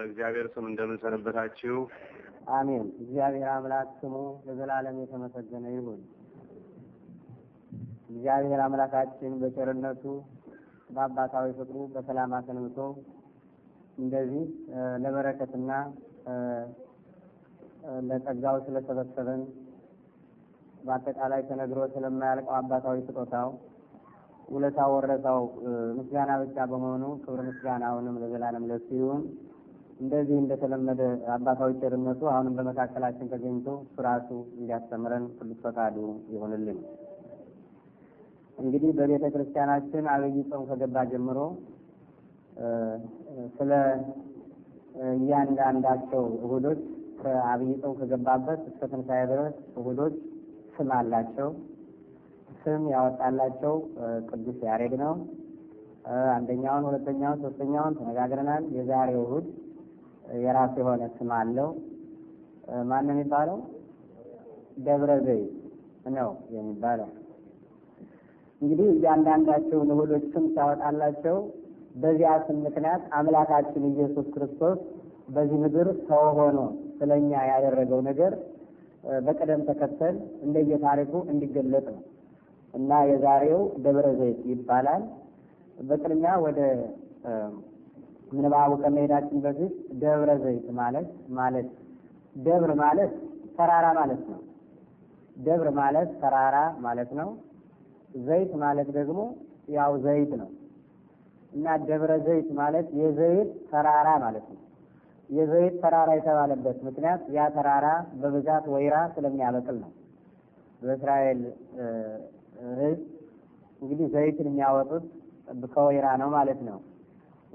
በእግዚአብሔር ስም እንደምንሰነበታችሁ። አሜን። እግዚአብሔር አምላክ ስሙ ለዘላለም የተመሰገነ ይሁን። እግዚአብሔር አምላካችን በቸርነቱ በአባታዊ ፍቅሩ በሰላም አሰንብቶ እንደዚህ ለበረከትና ለጸጋው ስለሰበሰበን በአጠቃላይ ተነግሮ ስለማያልቀው አባታዊ ስጦታው ውለታ ወረታው ምስጋና ብቻ በመሆኑ ክብር ምስጋና አሁንም ለዘላለም ለሱ ይሁን። እንደዚህ እንደተለመደ አባታዊ ቸርነቱ አሁንም በመካከላችን ተገኝቶ ፍራሱ እንዲያስተምረን ቅዱስ ፈቃዱ ይሆንልን። እንግዲህ በቤተ ክርስቲያናችን አብይ ጾም ከገባ ጀምሮ ስለ እያንዳንዳቸው እሁዶች ከአብይ ጾም ከገባበት እስከ ትንሣኤ ድረስ እሁዶች ስም አላቸው። ስም ያወጣላቸው ቅዱስ ያሬድ ነው። አንደኛውን፣ ሁለተኛውን፣ ሶስተኛውን ተነጋግረናል። የዛሬው እሁድ የራሱ የሆነ ስም አለው። ማን ነው የሚባለው? ደብረ ዘይት ነው የሚባለው። እንግዲህ እያንዳንዳቸው ንሁሎች ስም ሲያወጣላቸው በዚያ ስም ምክንያት አምላካችን ኢየሱስ ክርስቶስ በዚህ ምድር ሰው ሆኖ ስለኛ ያደረገው ነገር በቅደም ተከተል እንደየታሪኩ እንዲገለጥ ነው እና የዛሬው ደብረ ዘይት ይባላል። በቅድሚያ ወደ ምንባቡ ከመሄዳችን በፊት ደብረ ዘይት ማለት ማለት ደብር ማለት ተራራ ማለት ነው። ደብር ማለት ተራራ ማለት ነው። ዘይት ማለት ደግሞ ያው ዘይት ነው እና ደብረ ዘይት ማለት የዘይት ተራራ ማለት ነው። የዘይት ተራራ የተባለበት ምክንያት ያ ተራራ በብዛት ወይራ ስለሚያበቅል ነው። በእስራኤል ሕዝብ እንግዲህ ዘይትን የሚያወጡት ከወይራ ነው ማለት ነው።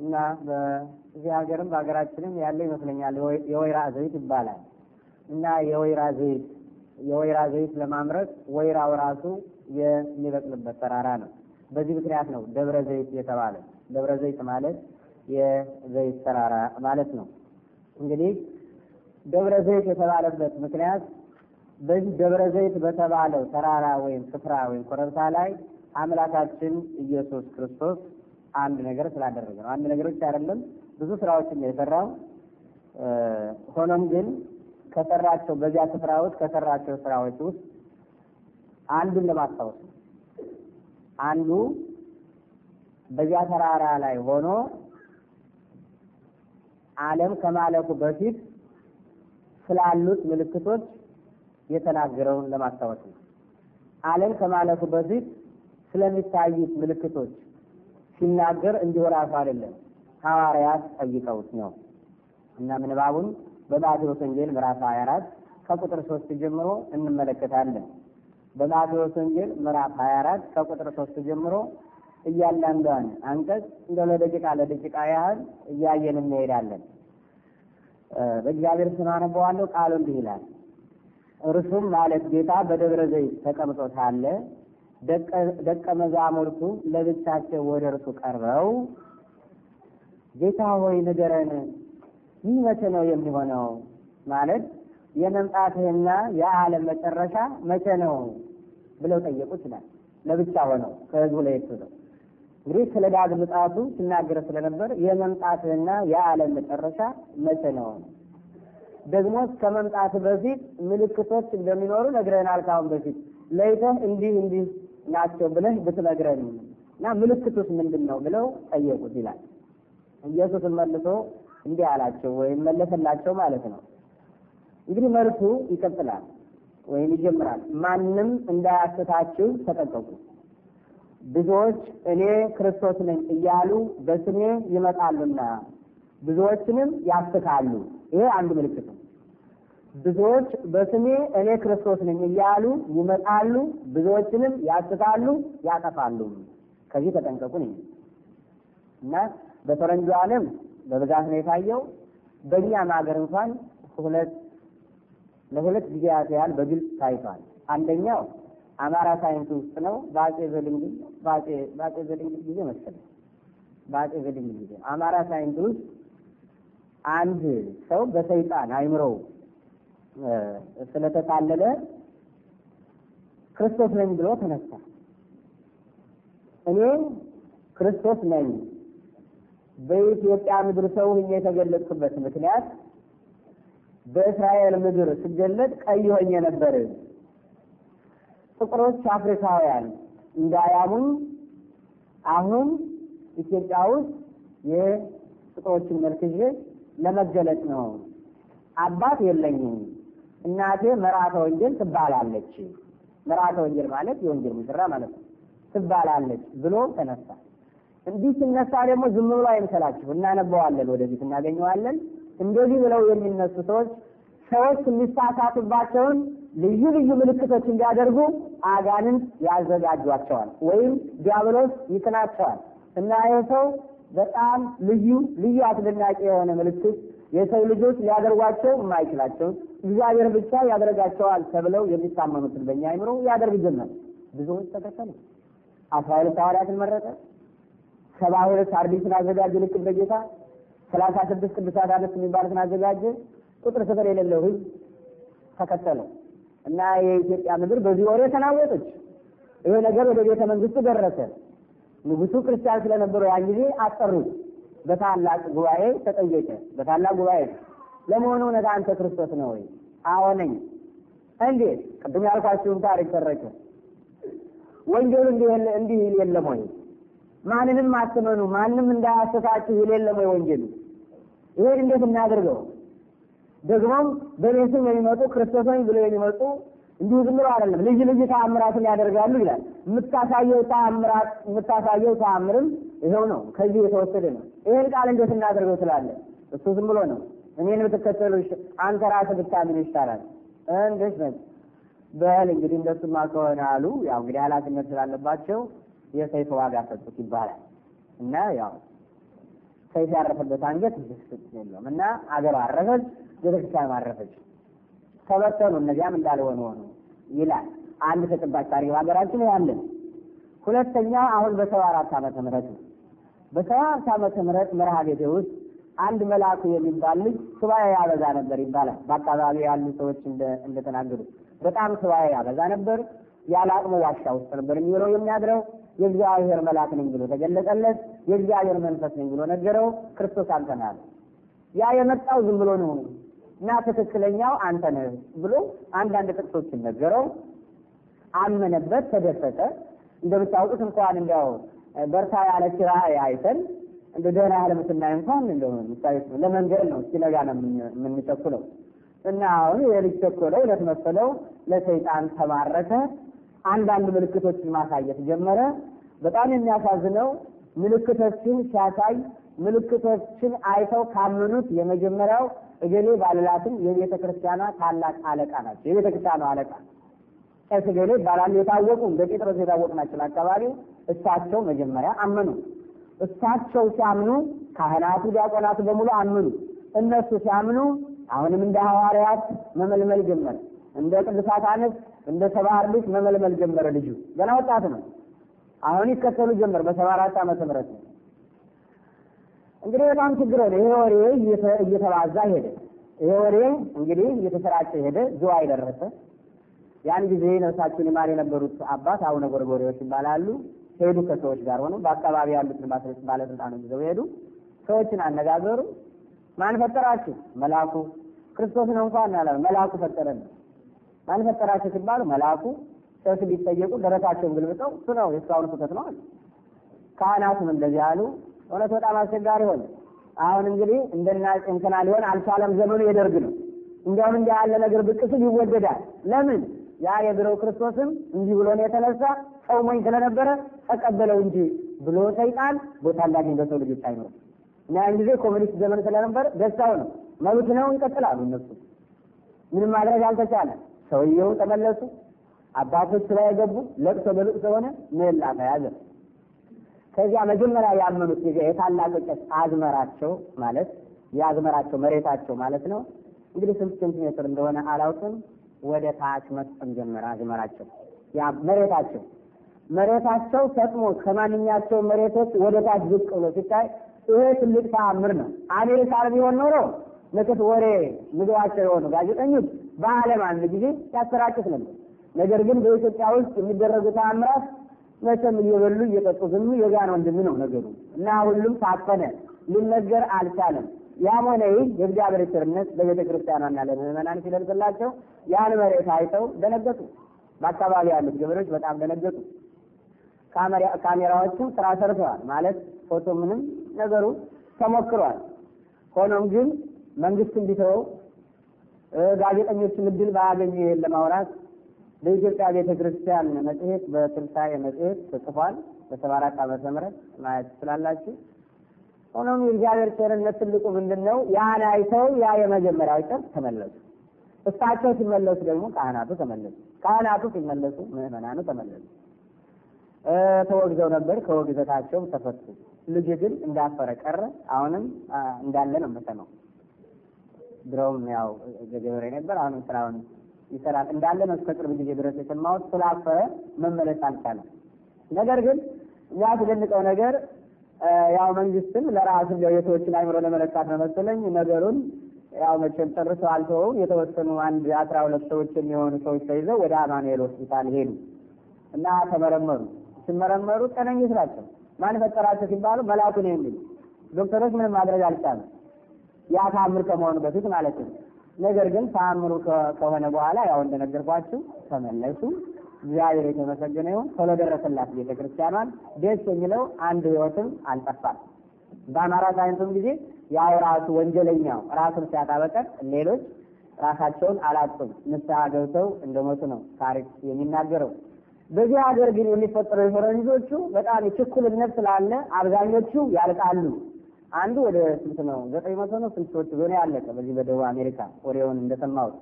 እና በዚህ ሀገርም በሀገራችንም ያለ ይመስለኛል የወይራ ዘይት ይባላል። እና የወይራ ዘይት የወይራ ዘይት ለማምረት ወይራው ራሱ የሚበቅልበት ተራራ ነው። በዚህ ምክንያት ነው ደብረ ዘይት የተባለ። ደብረ ዘይት ማለት የዘይት ተራራ ማለት ነው። እንግዲህ ደብረ ዘይት የተባለበት ምክንያት በዚህ ደብረ ዘይት በተባለው ተራራ ወይም ስፍራ ወይም ኮረብታ ላይ አምላካችን ኢየሱስ ክርስቶስ አንድ ነገር ስላደረገ ነው። አንድ ነገር ብቻ አይደለም፣ ብዙ ስራዎችን የሰራው። ሆኖም ግን ከሰራቸው በዚያ ስፍራዎች ከሰራቸው ስራዎች ውስጥ አንዱን ለማስታወስ አንዱ በዚያ ተራራ ላይ ሆኖ ዓለም ከማለፉ በፊት ስላሉት ምልክቶች የተናገረውን ለማስታወስ ነው። ዓለም ከማለፉ በፊት ስለሚታዩት ምልክቶች ሲናገር እንዲሁ ራሱ አይደለም ሐዋርያት ጠይቀውት ነው እና ምንባቡን በማቴዎስ ወንጌል ምዕራፍ 24 ከቁጥር 3 ጀምሮ እንመለከታለን። በማቴዎስ ወንጌል ምዕራፍ 24 ከቁጥር 3 ጀምሮ እያንዳንዷን አንቀጽ እንደ ለደቂቃ ለደቂቃ ያህል እያየን እንሄዳለን። በእግዚአብሔር ስም አነበዋለሁ። ቃሉ እንዲህ ይላል። እርሱም ማለት ጌታ በደብረ ዘይት ተቀምጦ ሳለ ደቀ መዛሙርቱ ለብቻቸው ወደ እርሱ ቀርበው ጌታ ሆይ ንገረን፣ ይህ መቼ ነው የሚሆነው? ማለት የመምጣትህና የዓለም መጨረሻ መቼ ነው ብለው ጠየቁ ይችላል። ለብቻ ሆነው ከህዝቡ ለየት ብለው እንግዲህ ስለ ዳግም ምጽአቱ ሲናገር ስለነበር የመምጣትህና የዓለም መጨረሻ መቼ ነው? ደግሞ ከመምጣት በፊት ምልክቶች እንደሚኖሩ ነግረህናል። ካሁን በፊት ለይተህ እንዲህ እንዲህ ናቸው ብለህ ብትነግረን እና ምልክቱስ ምንድን ነው ብለው ጠየቁት ይላል። ኢየሱስን መልሶ እንዲህ አላቸው ወይም መለሰላቸው ማለት ነው። እንግዲህ መልሱ ይቀጥላል ወይም ይጀምራል። ማንም እንዳያስታችሁ ተጠንቀቁ። ብዙዎች እኔ ክርስቶስ ነኝ እያሉ በስሜ ይመጣሉና ብዙዎችንም ያስታሉ። ይሄ አንድ ምልክት ነው። ብዙዎች በስሜ እኔ ክርስቶስ ነኝ እያሉ ይመጣሉ፣ ብዙዎችንም ያስታሉ፣ ያጠፋሉ። ከዚህ ተጠንቀቁ ነኝ እና በፈረንጁ ዓለም በብዛት ነው የታየው። በእኛም ሀገር እንኳን ሁለት ለሁለት ጊዜያት ያህል በግልጽ ታይቷል። አንደኛው አማራ ሳይንስ ውስጥ ነው። በአጼ ዘድንግል በአጼ ዘድንግል ጊዜ መሰለኝ፣ በአጼ ዘድንግል ጊዜ አማራ ሳይንስ ውስጥ አንድ ሰው በሰይጣን አይምሮው ስለተጣለለ ክርስቶስ ነኝ ብሎ ተነሳ። እኔ ክርስቶስ ነኝ በኢትዮጵያ ምድር ሰው ሆኜ የተገለጥኩበት ምክንያት በእስራኤል ምድር ስገለጥ ቀይ ሆኜ ነበር። ጥቁሮች አፍሪካውያን እንዳያሙኝ አሁን ኢትዮጵያ ውስጥ የጥቁሮችን መልክ ይዤ ለመገለጥ ነው። አባት የለኝም እናቴ መራተ ወንጀል ትባላለች፣ መራተ ወንጀል ማለት የወንጀል ሙሽራ ማለት ነው፣ ትባላለች ብሎ ተነሳ። እንዲህ ሲነሳ ደግሞ ዝም ብሎ አይምሰላችሁ፣ እናነበዋለን፣ ወደፊት እናገኘዋለን። እንደዚህ ብለው የሚነሱ ሰዎች ሰዎች የሚሳሳቱባቸውን ልዩ ልዩ ምልክቶች እንዲያደርጉ አጋንንት ያዘጋጇቸዋል፣ ወይም ዲያብሎስ ይጥናቸዋል እና ይህ ሰው በጣም ልዩ ልዩ አስደናቂ የሆነ ምልክት የሰው ልጆች ሊያደርጓቸው የማይችላቸው እግዚአብሔር ብቻ ያደረጋቸዋል ተብለው የሚታመኑትን በእኛ አይምሮ ያደርግ ጀመር። ብዙዎች ተከተሉ። አስራ ሁለት ሐዋርያትን መረጠ። ሰባ ሁለት አርዲትን አዘጋጀ። ልክ እንደ ጌታ ሰላሳ ስድስት ቅዱሳት አለት የሚባሉትን አዘጋጀ። ቁጥር ስፍር የሌለው ህዝብ ተከተለው እና የኢትዮጵያ ምድር በዚህ ወሬ ተናወጠች። ይሄ ነገር ወደ ቤተ መንግስቱ ደረሰ። ንጉሱ ክርስቲያን ስለነበረው ያን ጊዜ አጠሩት። በታላቅ ጉባኤ ተጠየቀ። በታላቅ ጉባኤ ለመሆኑ እውነት አንተ ክርስቶስ ነው ወይ? አዎ ነኝ። እንዴት? ቅድም ያልኳችሁን ታሪክ ተረከ። ወንጌሉ እንዲህ ይል የለም ወይ? ማንንም አትመኑ፣ ማንም እንዳያስታችሁ ይል የለም ወይ? ወንጌሉ ይሄን እንዴት እናደርገው? ደግሞም በእኔ የሚመጡ ክርስቶስ ነኝ ብሎ የሚመጡ እንዲሁ ዝም ብሎ አይደለም፣ ልዩ ልዩ ተአምራትን ያደርጋሉ ይላል። የምታሳየው ተአምራት የምታሳየው ተአምርም ይኸው ነው፣ ከዚህ የተወሰደ ነው። ይህን ቃል እንዴት እናደርገው ትላለ እሱ ዝም ብሎ ነው። እኔን ብትከተሉ አንተ ራስህ ብታምን ይሻላል። እንዴት ነው በል እንግዲህ እንደሱማ ከሆነ አሉ። ያው እንግዲህ ኃላፊነት ስላለባቸው የሰይፍ ዋጋ ሰጡት ይባላል እና ያው ሰይፍ ያረፈበት አንገት የለውም እና አገር አረፈች፣ ቤተክርስቲያን አረፈች። ተበተኑ እነዚያም እንዳልሆነ ሆኑ ይላል። አንድ ተጨባጭ ታሪክ በሀገራችን ያለን። ሁለተኛ አሁን በሰባ አራት ዓመተ ምህረት ነው። በሰባ አራት ዓመተ ምህረት መርሃ ቤቴ ውስጥ አንድ መልአኩ የሚባል ልጅ ሱባኤ ያበዛ ነበር ይባላል። በአካባቢ ያሉ ሰዎች እንደተናገሩ በጣም ሱባኤ ያበዛ ነበር። ያለ አቅሙ ዋሻ ውስጥ ነበር የሚውለው የሚያድረው። የእግዚአብሔር መልአክ ነኝ ብሎ ተገለጠለት። የእግዚአብሔር መንፈስ ነኝ ብሎ ነገረው። ክርስቶስ አንተናል ያ የመጣው ዝም ብሎ ነው እና ትክክለኛው አንተ ነህ ብሎ አንዳንድ ጥቅሶችን ነገረው። አመነበት፣ ተደሰተ። እንደምታውቁት እንኳን እንዲያው በርታ ያለ ኪራ አይተን እንደ ደህና ያለ ብትናይ እንኳን እንደው ምሳሌ ለመንገድ ነው ሲነጋ ነው የምንቸኩለው። እና አሁን የልጅ ቸኮለው ዕለት መሰለው፣ ለሰይጣን ተማረከ። አንዳንድ ምልክቶችን ማሳየት ጀመረ። በጣም የሚያሳዝነው ምልክቶችን ሲያሳይ ምልክቶችን አይተው ካመኑት የመጀመሪያው እገሌ ባልላትም የቤተ ክርስቲያኗ ታላቅ አለቃ ናቸው። የቤተ ክርስቲያኗ አለቃ ቀስ እገሌ ይባላሉ። የታወቁ በጴጥሮስ የታወቁ ናቸው። አካባቢው እሳቸው መጀመሪያ አመኑ። እሳቸው ሲያምኑ ካህናቱ፣ ዲያቆናቱ በሙሉ አመኑ። እነሱ ሲያምኑ አሁንም እንደ ሐዋርያት መመልመል ጀመረ። እንደ ቅዱሳት አንስት እንደ ሰባ መመልመል ጀመረ። ልጁ ገና ወጣት ነው። አሁን ይከተሉ ጀመር። በሰባ አራት ዓመተ ምህረት ነው እንግዲህ በጣም ችግር ሆነ። ይሄ ወሬ እየተባዛ ሄደ። ይሄ ወሬ እንግዲህ እየተሰራጨ ሄደ፣ ዝዋይ አይደረሰ ያን ጊዜ ነፍሳቸውን ይማር የነበሩት አባት አቡነ ጎርጎሬዎች ይባላሉ። ሄዱ፣ ከሰዎች ጋር ሆነው በአካባቢ ያሉትን ባለስልጣኖች ይዘው ሄዱ። ሰዎችን አነጋገሩ። ማን ፈጠራችሁ? መልአኩ ነው እንኳን ያለ መልአኩ ፈጠረን። ማን ፈጠራችሁ ሲባሉ መልአኩ ሰዎች ቢጠየቁ ደረታቸውን ግልብጠው እሱ ነው የእሱ ስህተት ነው አሉ። ካህናቱም እንደዚህ አሉ። እውነት በጣም አስቸጋሪ ሆነ። አሁን እንግዲህ እንደና እንትና ሊሆን አልቻለም። ዘመኑ የደርግ ነው። እንዲያውም እንዲያ ያለ ነገር ብቅ ይወደዳል። ለምን ያ የድሮው ክርስቶስም እንዲህ ብሎ ነው የተነሳ ሰው ስለነበረ ተቀበለው እንጂ ብሎ ሰይጣን ቦታ እንዳገኝ በሰው ልጆች አይኖርም እና ያን ጊዜ ኮሚኒስት ዘመን ስለነበር ደስታው ነው መብት ነው ይቀጥላሉ እነሱ ምንም ማድረግ አልተቻለ። ሰውየው ተመለሱ። አባቶች ስራ የገቡ ለቅሶ በልቅሶ ሆነ ሜላ ተያዘ። ከዚያ መጀመሪያ ያመኑት ጊዜ የታላቅ እንጨት አዝመራቸው ማለት የአዝመራቸው መሬታቸው ማለት ነው። እንግዲህ ስንት ሴንቲሜትር እንደሆነ አላውቅም። ወደ ታች መጥም ጀመረ አዝመራቸው፣ ያ መሬታቸው መሬታቸው ፈጥሞ ከማንኛቸው መሬቶች ወደ ታች ዝቅ ብሎ ሲታይ ይሄ ትልቅ ተአምር ነው። አሜሪካ ቢሆን ኖሮ ንቅት ወሬ ምግባቸው የሆኑ ጋዜጠኞች በዓለም አንድ ጊዜ ያሰራጩት ነበር። ነገር ግን በኢትዮጵያ ውስጥ የሚደረጉ ተአምራት መቼም እየበሉ እየጠጡ ዝም የጋን ወንድም ነው ነገሩ እና ሁሉም ታፈነ ሊነገር አልቻለም። ያም ሆነ ይህ የእግዚአብሔር ቸርነት ለቤተ ክርስቲያኗና ለምዕመናን ሲለልቅላቸው ያን መሬት አይተው ደነገጡ። በአካባቢ ያሉት ገበሬዎች በጣም ደነገጡ። ካሜራዎችም ስራ ሰርተዋል ማለት ፎቶ ምንም ነገሩ ተሞክሯል። ሆኖም ግን መንግስት እንዲተወው ጋዜጠኞችም እድል ባያገኙ ይሄን ለማውራት በኢትዮጵያ ቤተ ክርስቲያን መጽሔት በትንሳኤ መጽሔት ተጽፏል። በሰባ አራት ዓመተ ምህረት ማየት ትችላላችሁ። ሆኖም የእግዚአብሔር ቸርነት ትልቁ ምንድን ነው? ያን አይተው ያ የመጀመሪያው ጨርቅ ተመለሱ። እሳቸው ሲመለሱ ደግሞ ካህናቱ ተመለሱ። ካህናቱ ሲመለሱ ምዕመናኑ ተመለሱ። ተወግዘው ነበር፣ ከወግዘታቸው ተፈቱ። ልጅ ግን እንዳፈረ ቀረ። አሁንም እንዳለ ነው ነው። ድሮም ያው ገበሬ ነበር፣ አሁንም ስራውን ይሰራል እንዳለ ነው እስከ ቅርብ ጊዜ ድረስ የሰማሁት። ስላፈረ መመለስ አልቻለም። ነገር ግን የሚያስደንቀው ነገር ያው መንግስትም ለራሱ የሰዎችን አይምሮ ለመለካት ነው መሰለኝ ነገሩን ያው መቼም ጨርሰው አልተወውም። የተወሰኑ አንድ አስራ ሁለት ሰዎች የሚሆኑ ሰዎች ተይዘው ወደ አማኑኤል ሆስፒታል ሄዱ እና ተመረመሩ። ሲመረመሩ ጤነኞች ናቸው። ማን ፈጠራቸው ሲባሉ መላኩ ነው ዶክተሮች ምንም ማድረግ አልቻሉም። ያ ተአምር ከመሆኑ በፊት ማለት ነው። ነገር ግን ተአምሩ ከሆነ በኋላ ያው እንደነገርኳችሁ ተመለሱ። እግዚአብሔር የተመሰገነ ይሁን። ቶሎ ደረሰላት ቤተ ክርስቲያኗን። ደስ የሚለው አንድ ህይወትም አልጠፋም። በአማራ ሳይንቱም ጊዜ ያው ራሱ ወንጀለኛው ራሱን ሲያጣበቀር ሌሎች ራሳቸውን አላጡም። ንስሐ ገብተው እንደሞቱ ነው ታሪክ የሚናገረው። በዚህ ሀገር ግን የሚፈጠረው የፈረንጆቹ በጣም የችኩልነት ስላለ አብዛኞቹ ያልቃሉ። አንዱ ወደ ስንት ነው? ዘጠኝ መቶ ነው ስንት ሰዎች ዞን ያለቀ በዚህ በደቡብ አሜሪካ ወሬውን እንደሰማሁት።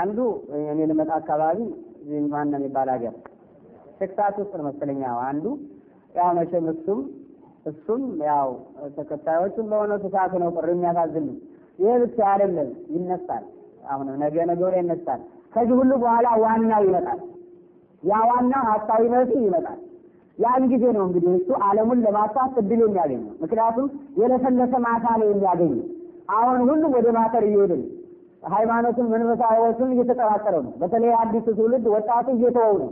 አንዱ እኔ ልመጣ አካባቢ ማነው የሚባል ሀገር ቴክሳስ ውስጥ ነው መሰለኝ። አንዱ ያው መቼም እሱም እሱም ያው ተከታዮቹም በሆነ ተሳት ነው ቅር የሚያሳዝን ይሄ ብቻ አይደለም፣ ይነሳል። አሁንም ነገ ነገ ወዲያ ይነሳል። ከዚህ ሁሉ በኋላ ዋናው ይመጣል። ያ ዋናው ሀሳዊ መፍትሄ ይመጣል። ያን ጊዜ ነው እንግዲህ እሱ ዓለሙን ለማጥፋት እድል የሚያገኘው። ምክንያቱም የለሰለሰ ማታ ነው የሚያገኘው። አሁን ሁሉም ወደ ማተር እየሄደ ነው። ሃይማኖቱን መንፈሳዊ ሕይወቱን እየተጠራጠረ ነው። በተለይ አዲሱ ትውልድ ወጣቱ እየተወው ነው።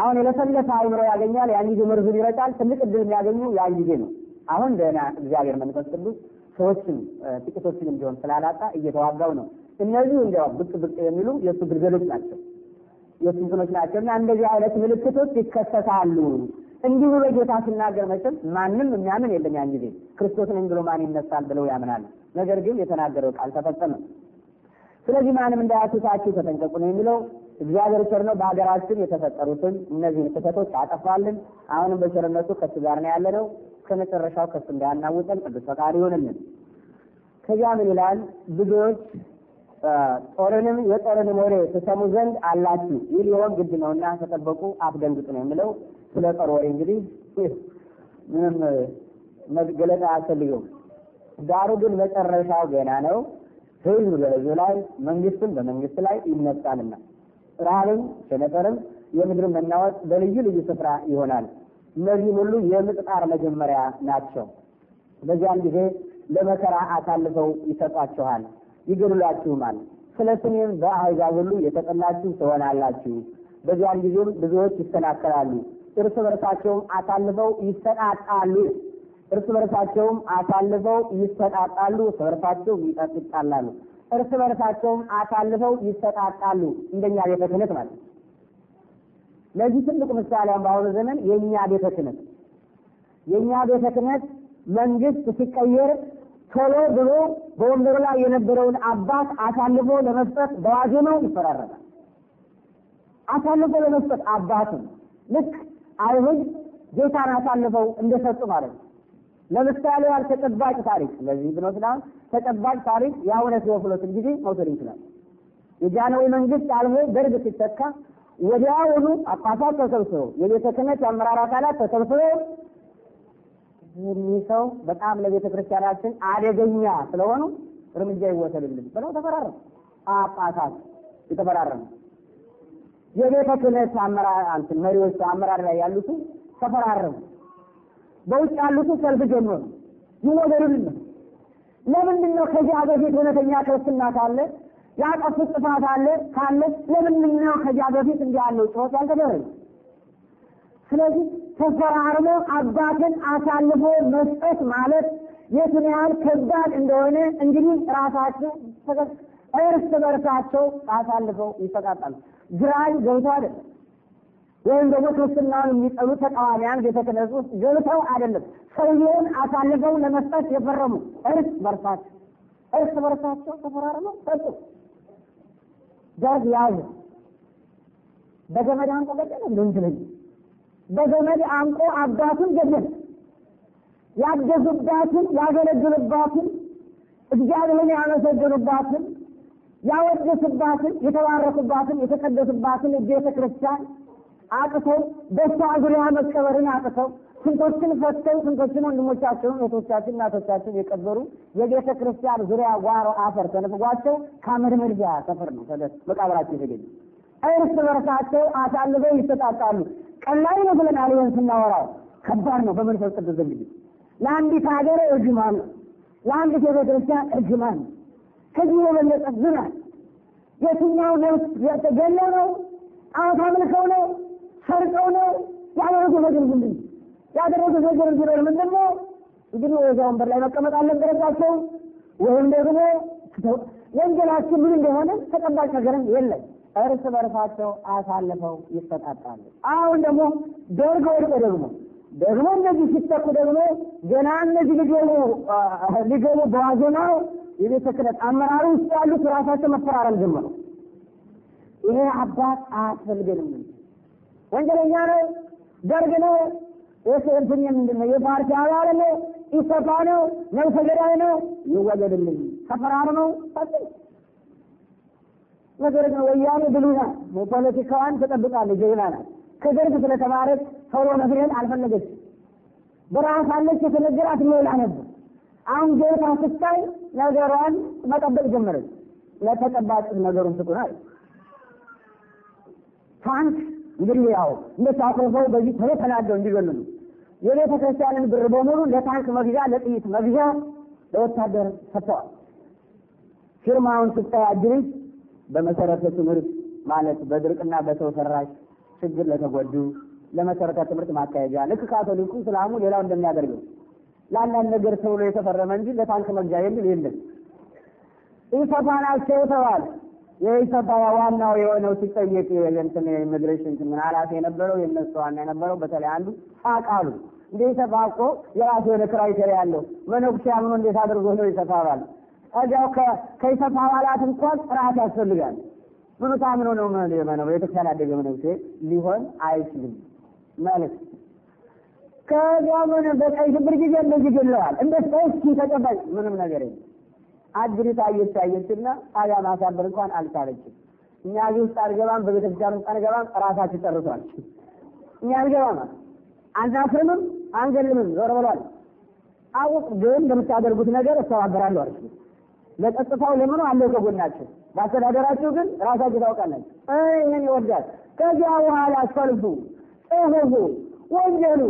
አሁን የለሰለሰ አይምሮ ያገኛል። ያን ጊዜ መርዙን ይረጫል። ትልቅ እድል የሚያገኙ ያን ጊዜ ነው። አሁን ደህና እግዚአብሔር መንፈስ ቅዱስ ሰዎችን ጥቂቶችንም ቢሆን ስላላጣ እየተዋጋው ነው። እነዚህ እንዲያው ብቅ ብቅ የሚሉ የእሱ ግልገሎች ናቸው፣ የእሱ እንትኖች ናቸው እና እንደዚህ አይነት ምልክቶች ይከሰታሉ። እንዲሁ በጌታ ሲናገር መቼም ማንም የሚያምን የለም። ያን ጊዜ ክርስቶስን እንግሎ ማን ይነሳል ብለው ያምናል። ነገር ግን የተናገረው ቃል ተፈጸመ። ስለዚህ ማንም እንዳያስታችሁ ተጠንቀቁ ነው የሚለው። እግዚአብሔር ቸር ነው። በሀገራችን የተፈጠሩትን እነዚህን ስህተቶች አጠፋልን። አሁንም በቸርነቱ ከሱ ጋር ነው ነው። ከመጨረሻው ከሱ እንዳያናውጠን ቅዱስ ፈቃድ ይሆንልን። ከዚያ ምን ይላል ብዙዎች ጦርንም የጦርንም ወሬ ትሰሙ ዘንድ አላችሁ ይህ ሊሆን ግድ ነው እና ተጠበቁ፣ አትደንግጡ ነው የምለው። ስለ ጦር ወሬ እንግዲህ ምንም መገለጥ አያስፈልገውም። ዳሩ ግን መጨረሻው ገና ነው። ህዝብ በህዝብ ላይ፣ መንግስትም በመንግስት ላይ ይነሳልና ራብም ቸነፈርም የምድር መናወጥ በልዩ ልዩ ስፍራ ይሆናል። እነዚህም ሁሉ የምጥጣር መጀመሪያ ናቸው። በዚያን ጊዜ ለመከራ አሳልፈው ይሰጧችኋል። ይገድሏችሁማል። ስለ ስሜም በአሕዛብ ሁሉ የተጠላችሁ ትሆናላችሁ። በዚያን ጊዜም ብዙዎች ይሰናከላሉ፣ እርስ በርሳቸውም አሳልፈው ይሰጣጣሉ። እርስ በርሳቸውም አሳልፈው ይሰጣጣሉ፣ እርስ በርሳቸውም እርስ በርሳቸውም አሳልፈው ይሰጣጣሉ፣ እንደኛ ቤተ ክህነት ማለት ለዚህ ትልቁ ምሳሌ በአሁኑ ዘመን የእኛ ቤተ ክህነት የእኛ ቤተ ክህነት መንግስት ሲቀየር ቶሎ ብሎ በወንበሩ ላይ የነበረውን አባት አሳልፎ ለመስጠት በዋዜማው ይፈራረጋል። አሳልፎ ለመስጠት አባቱን ልክ አይሁድ ጌታን አሳልፈው እንደሰጡ ማለት ነው። ለምሳሌ ያህል ተጨባጭ ታሪክ ስለዚህ ብንወስድ ተጨባጭ ታሪክ የአቡነ ቴዎፍሎስን ጊዜ መውሰድ እንችላለን። የጃንሆይ መንግስት አልፎ ደርግ ሲተካ ወዲያውኑ አጳሳት ተሰብስበው የቤተ ክህነት የአመራር አካላት ተሰብስበው እኚህ ሰው በጣም ለቤተ ክርስቲያናችን አደገኛ ስለሆኑ እርምጃ ይወሰድልን ብለው ተፈራረሙ። ጳጳሳት የተፈራረሙ የቤተ ክህነት አመራር አንተ መሪዎች አመራር ላይ ያሉት ተፈራረሙ። በውጭ ያሉት ሰልፍ ጀመሩ። ይወገዱልን። ለምንድን ነው ሀገር በፊት እውነተኛ ክርስትና ካለ ያጠፉት ጥፋት አለ ካለ ለምንድን ነው ሀገር በፊት እንዲህ ያለው ጩኸት ያልተደረገ? ስለዚህ ተፈራርሞ አባትን አሳልፎ መስጠት ማለት የቱን ያህል ከባድ እንደሆነ እንግዲህ ራሳቸው እርስ በርሳቸው አሳልፈው ይሰጣጣሉ። ግራኝ ገብቶ አይደለም ወይም ደግሞ ክርስትናውን የሚጠሉ ተቃዋሚያን ቤተ ክህነት ውስጥ ገብተው አይደለም። ሰውየውን አሳልፈው ለመስጠት የፈረሙ እርስ በርሳቸው እርስ በርሳቸው ተፈራርመው ሰጡ። ዘርግ ያዙ፣ በገመድ አንቆ ገደለ እንደንትለኝ በገመድ አንቆ አባቱን ገደለ። ያገዙባትን፣ ያገለግሉባትን፣ እግዚአብሔርን ያመሰግኑባትን፣ ያወደሱባትን፣ የተባረኩባትን፣ የተቀደሱባትን ቤተ ክርስቲያን አጥተው በእሷ ዙሪያ መቀበርን አጥተው ስንቶችን ፈተው ስንቶችን ወንድሞቻቸውን እህቶቻችን እናቶቻችን የቀበሩ የቤተ ክርስቲያን ዙሪያ ጓሮ አፈር ተነፍጓቸው ከአመድ ሰፈር ነው መቃብራቸው የተገኘ እርስ በርሳቸው አሳልፈው ይሰጣጣሉ። ቀላል ነው ብለን አልሆን ስናወራው ከባድ ነው። በመንፈስ ቅዱስ እንግዲህ ለአንዲት ሀገር እርግማን ነው፣ ለአንዲት ቤተክርስቲያን እርግማን ነው። ከዚህ የበለጠ ዝናል የትኛው ነፍስ የተገለው ነው? አሁን አምልከው ነው፣ ሰርቀው ነው ያደረጉ ነገር ምንድን ያደረጉ ነገር ቢኖር ምንድን ነው? እንግዲህ ወዛ ወንበር ላይ መቀመጥ አልነበረባቸውም። ወይም ደግሞ ወንጀላችን ምን እንደሆነ ተጠባጭ ነገርም የለም። እርስ በርሳቸው አሳልፈው ይሰጣጣሉ። አሁን ደግሞ ደርግ ወድቆ ደግሞ ደግሞ እነዚህ ሲተኩ ደግሞ ገና እነዚህ ሊገቡ ሊገቡ በዋዜማው የቤተ ክህነት አመራሩ ውስጥ ያሉት ራሳቸው መፈራረል ጀመሩ። ይሄ አባት አያስፈልገንም፣ ወንጀለኛ ነው፣ ደርግ ነው፣ የሰልፍኝ ምንድን ነው፣ የፓርቲ አባል ነው፣ ኢሰፓ ነው፣ ነብሰ ገዳይ ነው፣ ይወገድልኝ። ተፈራር ነው ነገር ነገረኛ ወያኔ ብሉና ፖለቲካዋን ትጠብቃለች፣ ጀግና ናት። ከደርግ ስለተማረች ቶሎ መግደል አልፈለገች። በረሃብ ሳለች የተነገራት ሌላ ነበር። አሁን ጀግና ስታይ ነገሯን መጠበቅ ጀመረች። ለተጠባጭ ነገሩን ስጡና ታንክ እንግዲህ ያው እንደታቆፈው በዚህ ቶሎ ተናደው እንዲገሉ የቤተ ክርስቲያንን ብር በሙሉ ለታንክ መግዣ፣ ለጥይት መግዣ ለወታደር ሰጥተዋል። ፊርማውን ስታይ አጅሪት በመሰረተ ትምህርት ማለት በድርቅና በሰው ሰራሽ ችግር ለተጎዱ ለመሰረተ ትምህርት ማካሄጃ ልክ ካቶሊኩ ስላሙ ሌላው እንደሚያደርገው ለአንዳንድ ነገር ተብሎ የተፈረመ እንጂ ለታንክ መግዣ የሚል የለም። ኢሰፓናቸው ተባለ። የኢሰፓ ዋናው የሆነው ሲጠየቅ የእንትን የኢሚግሬሽን ምን ኃላፊ የነበረው የነሱ ዋና የነበረው በተለይ አንዱ አቃሉ እንደ ኢሰፓ እኮ የራሱ የሆነ ክራይቴሪያ አለው። መነኩሴ አምኖ እንዴት አድርጎ ነው ኢሰፓ ባለ እዚያው ከይሰፍ አባላት እንኳን ጥራት ያስፈልጋል። ምን ታምኖ ነው ነው የተሻለ አደገ መነኩሴ ሊሆን አይችልም ማለት ከዚያ ምን በቀይ ሽብር ጊዜ እንደዚህ ግለዋል እንደ እስኪ ተጨባጭ ምንም ነገር የለም። አድሪት አየች አየችና ታዲያ ማሳበር እንኳን አልቻለችም። እኛ እዚህ ውስጥ አልገባም፣ በቤተክርስቲያን ውስጥ አልገባም፣ ራሳችን ጨርሷል። እኛ አልገባም፣ አናፍርምም፣ አንገልምም ዞር ብሏል። አውቅ ግን በምታደርጉት ነገር እተባበራለሁ አለች። ለጸጥታው ለምኑ አለ ከጎናችሁ። በአስተዳደራችሁ ግን ራሳቸው ታውቃለች። ይህን ይወርዳል። ከዚያ በኋላ ሰልፉ፣ ጽሁፉ፣ ወንጀሉ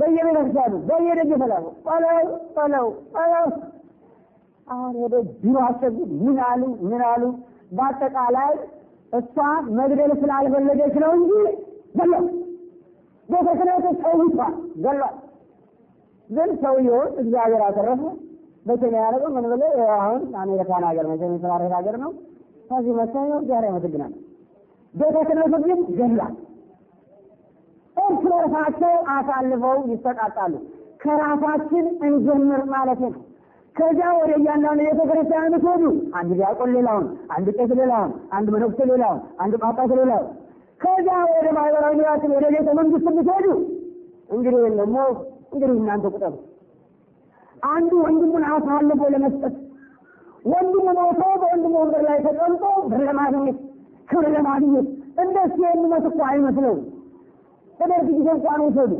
በየቤተክርስቲያኑ በየደጅ ፈላሉ ጠለው ጠለው ጠለው። አሁን ወደ ቢሮ አሰቡ። ምን አሉ ምን አሉ? በአጠቃላይ እሷ መግደል ስላልፈለገች ነው እንጂ ገሏል። ቤተ ክህነቱ ሰው ይቷል ገሏል። ግን ሰውየውን እግዚአብሔር አተረፈ። በኬንያ ያለው? ምን ብለ አሁን አሜሪካን ሀገር መ የተባረረ ሀገር ነው። ከዚህ ነው ዚያር ያመሰግናል። ቤተ ክህነቱ ግን ገላ እርስ በርሳቸው አሳልፈው ይሰጣጣሉ። ከራሳችን እንጀምር ማለት ነው። ከዚያ ወደ እያንዳንዱ ቤተ ክርስቲያን የምትሄዱ አንድ ዲያቆን ሌላውን፣ አንድ ቄስ ሌላውን፣ አንድ መነኩሴ ሌላውን፣ አንድ ጳጳስ ሌላውን፣ ከዚያ ወደ ማህበራዊ ኑሯችን ወደ ቤተ መንግስት የምትሄዱ እንግዲህ ወይም ደግሞ እንግዲህ እናንተ ቁጠሩ አንዱ ወንድሙን አሳልፎ ለመስጠት ወንድሙ ሞቶ በወንድሙ ወንበር ላይ ተቀምጦ ብር ለማግኘት ክብር ለማግኘት እንደሱ የሚመት እኮ አይመስለውም። በደርግ ጊዜ እንኳን ውሰዱ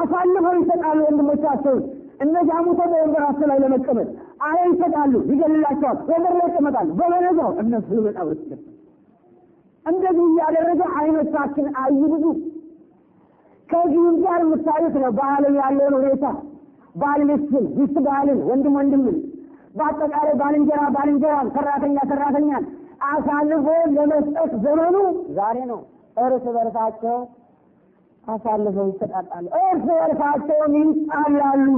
አሳልፈው ይሰጣሉ ወንድሞቻቸውን እነዚያ ሙቶ በወንበራቸው ላይ ለመቀመጥ አይ ይሰጣሉ፣ ይገልላቸዋል፣ ወንበር ላይ ይቀመጣሉ። በመነዛ እነሱ በጣም ርስ እንደዚህ እያደረገ አይኖቻችን አይ ብዙ ከዚህም ጋር የምታዩት ነው በዓለም ያለውን ሁኔታ ባል ሚስትን፣ ሚስት ባልን፣ ወንድም ወንድምን፣ በአጠቃላይ ባልንጀራ ባልንጀራን፣ ሰራተኛ ሰራተኛን አሳልፎ ለመስጠት ዘመኑ ዛሬ ነው። እርስ በርሳቸው አሳልፈው ይሰጣጣሉ። እርስ በርሳቸውም ይጣላሉ።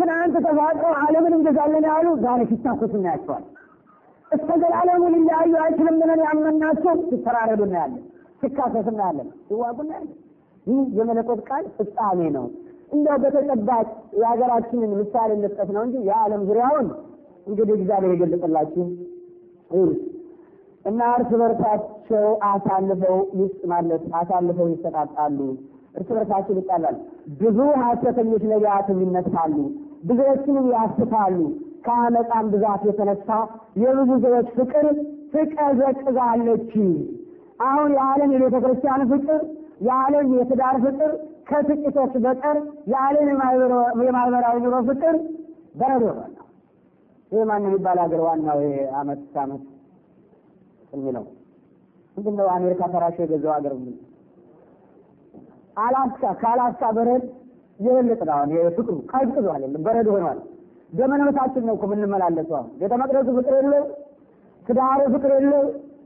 ትናንት ተፋቅረው ዓለምን እንገዛለን ያሉ ዛሬ ሲታኮሱ እናያቸዋል። እስከ ዘላለሙ ሊለያዩ አይችልም ብለን ያመናቸው ሲተራረዱ እናያለን፣ ሲካሰሱ እናያለን፣ ሲዋጉ እናያለን። ይህ የመለኮት ቃል ፍጻሜ ነው። እንደ በተጨባጭ የሀገራችንን ምሳሌ እንጠት ነው እንጂ የዓለም ዙሪያውን እንግዲህ እግዚአብሔር የገለጸላችሁ እና እርስ በርሳቸው አሳልፈው ይስ ማለት አሳልፈው ይሰጣጣሉ። እርስ በርሳቸው ይጣላል። ብዙ ሐሰተኞች ነቢያትም ይነሳሉ፣ ብዙዎችንም ያስፋሉ ከአመፃም ብዛት የተነሳ የብዙ ሰዎች ፍቅር ትቀዘቅዛለች። አሁን የዓለም የቤተ ክርስቲያን ፍቅር፣ የዓለም የትዳር ፍቅር ከጥቂቶች በቀር የዓለም የማህበራዊ ኑሮ ፍቅር በረዶ ሆነ። ይህ ማን የሚባል ሀገር ዋናው አመት ሳመት የሚለው ምንድን ነው? አሜሪካ ፈራሽ የገዛው ሀገር አላስካ ከአላስካ በረድ የበለጠ ነው። አሁን ፍቅሩ ቀዝቅዟል፣ የለም በረድ ሆኗል። ደመነመታችን ነው እኮ የምንመላለሰው። አሁን ቤተ መቅደሱ ፍቅር የለው፣ ትዳሩ ፍቅር የለው፣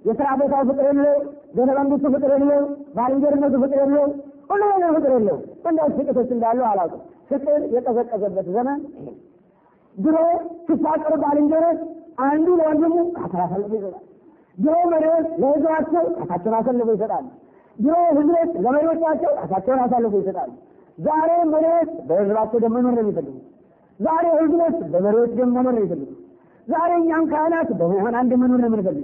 የስራ ቦታው ፍቅር የለው፣ ቤተ መንግስቱ ፍቅር የለው፣ ባልንጀርነቱ ፍቅር የለው ሁሉ ነገር ፍቅር የለውም። እንዳት ፍቅቶች እንዳሉ አላውቅም። ፍቅር የቀዘቀዘበት ዘመን ድሮ ሲፋቀሩ ባልንጀሮች አንዱ ለወንድሙ ራሱን አሳልፎ ይሰጣል። ድሮ መሪዎች ለሕዝባቸው ራሳቸውን አሳልፎ ይሰጣሉ። ድሮ ሕዝቦች ለመሪዎቻቸው ራሳቸውን አሳልፎ ዛሬ መሪዎች በሕዝባቸው ደም መኖር ነው የሚፈልጉ። ዛሬ ሕዝቦች በመሪዎች ደም መኖር ነው የሚፈልጉ። ዛሬ እኛም ካህናት በምሁራን አንድ መኖር ነው የምንፈልጉ።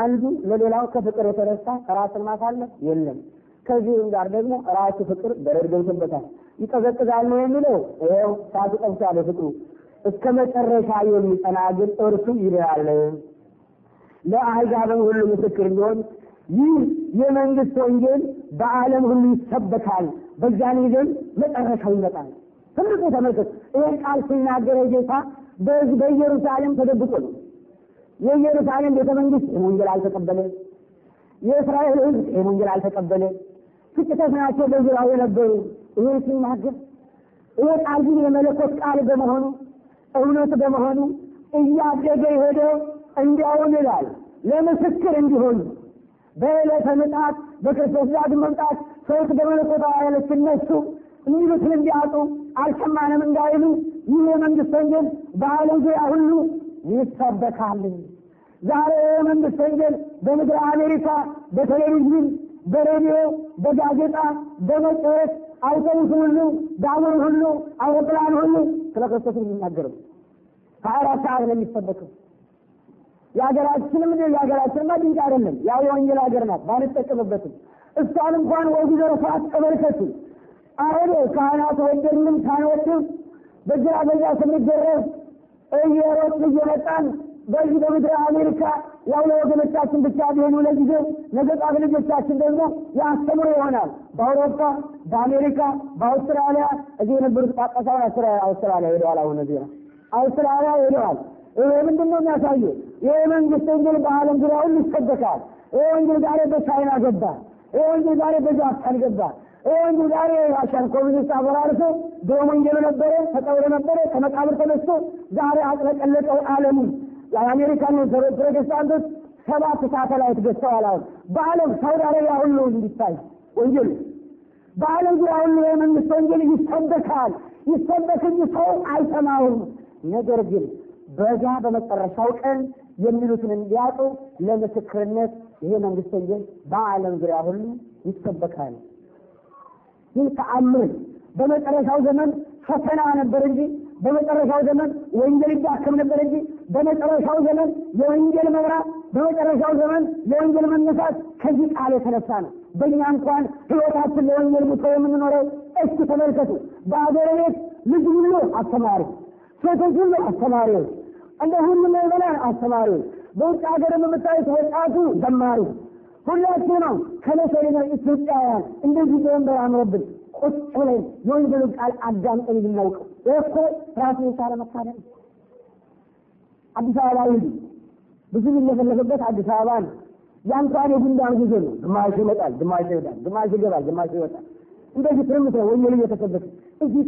አንዱ ለሌላው ከፍቅር የተረሳ ራስን ማሳለፍ የለም። ከዚህም ጋር ደግሞ ራሱ ፍቅር በረድ ገብቶበታል። ይቀዘቅዛል ነው የሚለው ይኸው ሳቱ ቀብሷል ፍቅሩ እስከ መጨረሻ የሚጸና ግን እርሱ ይድናል። ለአሕዛብም ሁሉ ምስክር እንዲሆን ይህ የመንግስት ወንጌል በዓለም ሁሉ ይሰበካል፣ በዚያን ጊዜም መጨረሻው ይመጣል። ትልቁ ተመልከት። ይህን ቃል ሲናገረ ጌታ በዚህ በኢየሩሳሌም ተደብቆ ነው። የኢየሩሳሌም ቤተ መንግስት ይህን ወንጌል አልተቀበለ፣ የእስራኤል ህዝብ ይህን ወንጌል አልተቀበለ። ጥቂቶች ናቸው በዙሪያው የነበሩ። ይህን ሲናገር ይህ ቃል ግን የመለኮት ቃል በመሆኑ እውነት በመሆኑ እያደገ ሄደ። እንዲያውም ይላል ለምስክር እንዲሆኑ በዕለተ ምጣት በክርስቶስ ዳግም መምጣት ሰዎች በመለኮት ኃይሎች ሲነሱ የሚሉትን እንዲያጡ አልሰማንም እንዳይሉ ይህ የመንግስት ወንጌል በዓለም ዙሪያ ሁሉ ይሰበካል። ዛሬ የመንግስት ወንጌል በምድረ አሜሪካ በቴሌቪዥን በሬዲዮ፣ በጋዜጣ፣ በመጽሔት፣ አውቶቡስ ሁሉ፣ ባቡር ሁሉ፣ አውሮፕላን ሁሉ ስለ ክርስቶስ የሚናገርም ሀያ አራት ሰዓት ነው የሚሰበከው። የሀገራችንም የሀገራችንማ ድንቅ አይደለም። ያው የወንጌል ሀገር ናት፣ ባንጠቀምበትም እሷን እንኳን ወጉ ሰዓት ተመልከቱ። አሁን ካህናት ወደድንም ካንወድም በግራ በዛ ስንገረፍ እየሮጥ እየመጣን በዚህ በምድረ አሜሪካ ያው ለወገኖቻችን ብቻ ቢሆኑ ለጊዜው ለገጣት ልጆቻችን ደግሞ ያስተምሮ ይሆናል። በአውሮፓ፣ በአሜሪካ፣ በአውስትራሊያ እዚህ የነበሩት ጳጳሳውን አውስትራሊያ ሄደዋል። አሁን እዚህ ነው አውስትራሊያ ሄደዋል። ይሄ ምንድን ነው የሚያሳየ? ይሄ መንግስት ወንጌል በዓለም ዙሪያ ሁሉ ይሰበካል። ይሄ ወንጌል ዛሬ በቻይና ገባ። ይሄ ወንጌል ዛሬ በጃፓን ገባ። ይሄ ወንጌል ዛሬ ራሽያን ኮሚኒስት አበራርሶ ድሮ ወንጌሉ ነበረ፣ ተቀብሮ ነበረ፣ ከመቃብር ተነስቶ ዛሬ አጥለቀለቀው ዓለሙን የአሜሪካን ፕሮቴስታንቶች ሰባት ሳተላይት ገዝተዋል። አሁን በዓለም ሳውዲ አረቢያ ሁሉ እንዲታይ ወንጀል በዓለም ዙሪያ ሁሉ የመንግስት ወንጀል ይሰበካል። ይሰበክ እንጂ ሰው አይሰማውም። ነገር ግን በዛ በመጨረሻው ቀን የሚሉትን እንዲያጡ ለምስክርነት ይሄ መንግስት ወንጀል በዓለም ዙሪያ ሁሉ ይሰበካል። ይህ ተአምር በመጨረሻው ዘመን ፈተና ነበር እንጂ በመጨረሻው ዘመን ወንጌል ይዳከም ነበር እንጂ በመጨረሻው ዘመን የወንጌል መብራት፣ በመጨረሻው ዘመን የወንጌል መነሳት ከዚህ ቃል የተነሳ ነው። በእኛ እንኳን ህይወታችን ለወንጌል ሙቶ የምንኖረው እስኪ ተመልከቱ። በአገር ቤት ልጅ ሁሉ አስተማሪ፣ ሴቶች ሁሉ አስተማሪዎች፣ እንደ ሁሉ ምዕመናን አስተማሪዎች፣ በውጭ ሀገር የምታዩት ወጣቱ ዘማሪ ሁላችሁ ነው። ከመሰሪ ነው ኢትዮጵያውያን እንደዚህ ወንበር አምረብን ቁጭ ብለን የወንጌሉን ቃል አዳምጠን የምናውቀው እኮ ራሱን የቻለ ነው። አዲስ አበባ ይሄዱ ብዙ የሚፈለግበት አዲስ አበባ ነው። ያንኳን የጉንዳን ጉዞ ነው። ግማሹ ይመጣል፣ ግማሹ ይሄዳል፣ ግማሹ ይገባል፣ ግማሹ ይወጣል። እንደዚህ ትርምት ነው ወንጌሉ እየተሰበከ እዚህ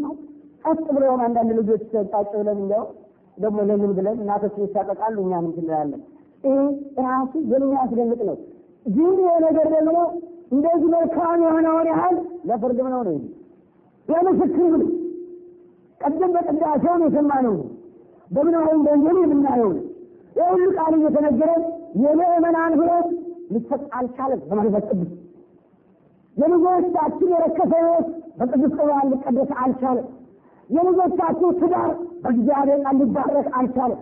ቀጥ ብለውም አንዳንድ ልጆች ጣጭ ብለን እንዲያው ደግሞ ለምን ብለን እናቶች ይሳቀቃሉ፣ እኛ ምን ትንላለን። ይህ ራሱ የሚያስደንቅ ነው። ግን ይህ ነገር ደግሞ እንደዚህ መልካም የሆነውን ያህል ለፍርድም ነው ነው ለምስክር ነው። ቀደም በቅዳሴው ነው የሰማነው፣ በምናየው በወንጌል የምናየው የሁሉ ቃል እየተነገረ የምእመናን ህይወት ሊፈቅ አልቻለም። በመንፈስ ቅዱስ የልጆቻችን የረከሰ ህይወት በቅዱስ ቁርባን ሊቀደስ አልቻለም። የልጆቻችሁ ትዳር በእግዚአብሔር ሊባረክ አልቻለም።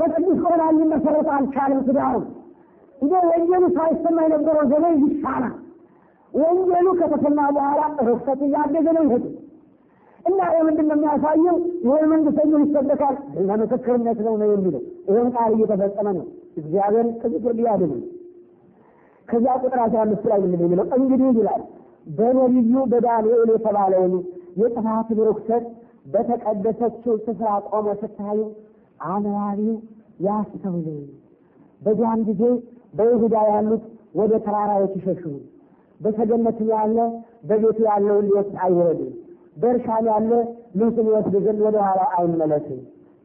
በቅዱስ ቁርባን ሊመሰረት አልቻለም ትዳሩ እንደ ወንጀሉ ሳይሰማ የነበረው ዘመን ይሻላል። ወንጀሉ ከተሰማ በኋላ ርክሰት እያደገ ነው ይሄዱ እና ይህ ምንድን ነው የሚያሳየው? ይህን መንግስተኛ ይሰደካል ለምክክርነት ነው ነው የሚለው ይህም ቃል እየተፈጸመ ነው። እግዚአብሔር ቅዚ ፍርድ ያድን። ከዚያ ቁጥር አስራ አምስት ላይ ምንድን የሚለው እንግዲህ ይላል በነቢዩ በዳንኤል የተባለውን የጥፋትን ርኩሰት በተቀደሰችው ስፍራ ቆመ ስታዩ አንባቢው ያስተውል። በዚያን ጊዜ በይሁዳ ያሉት ወደ ተራራዎች ይሸሹ። በሰገነት ያለ በቤቱ ያለውን ሊወስድ አይወዱ። በእርሻም ያለ ልብሱን ሊወስድ ዘንድ ወደ ኋላ አይመለሱ።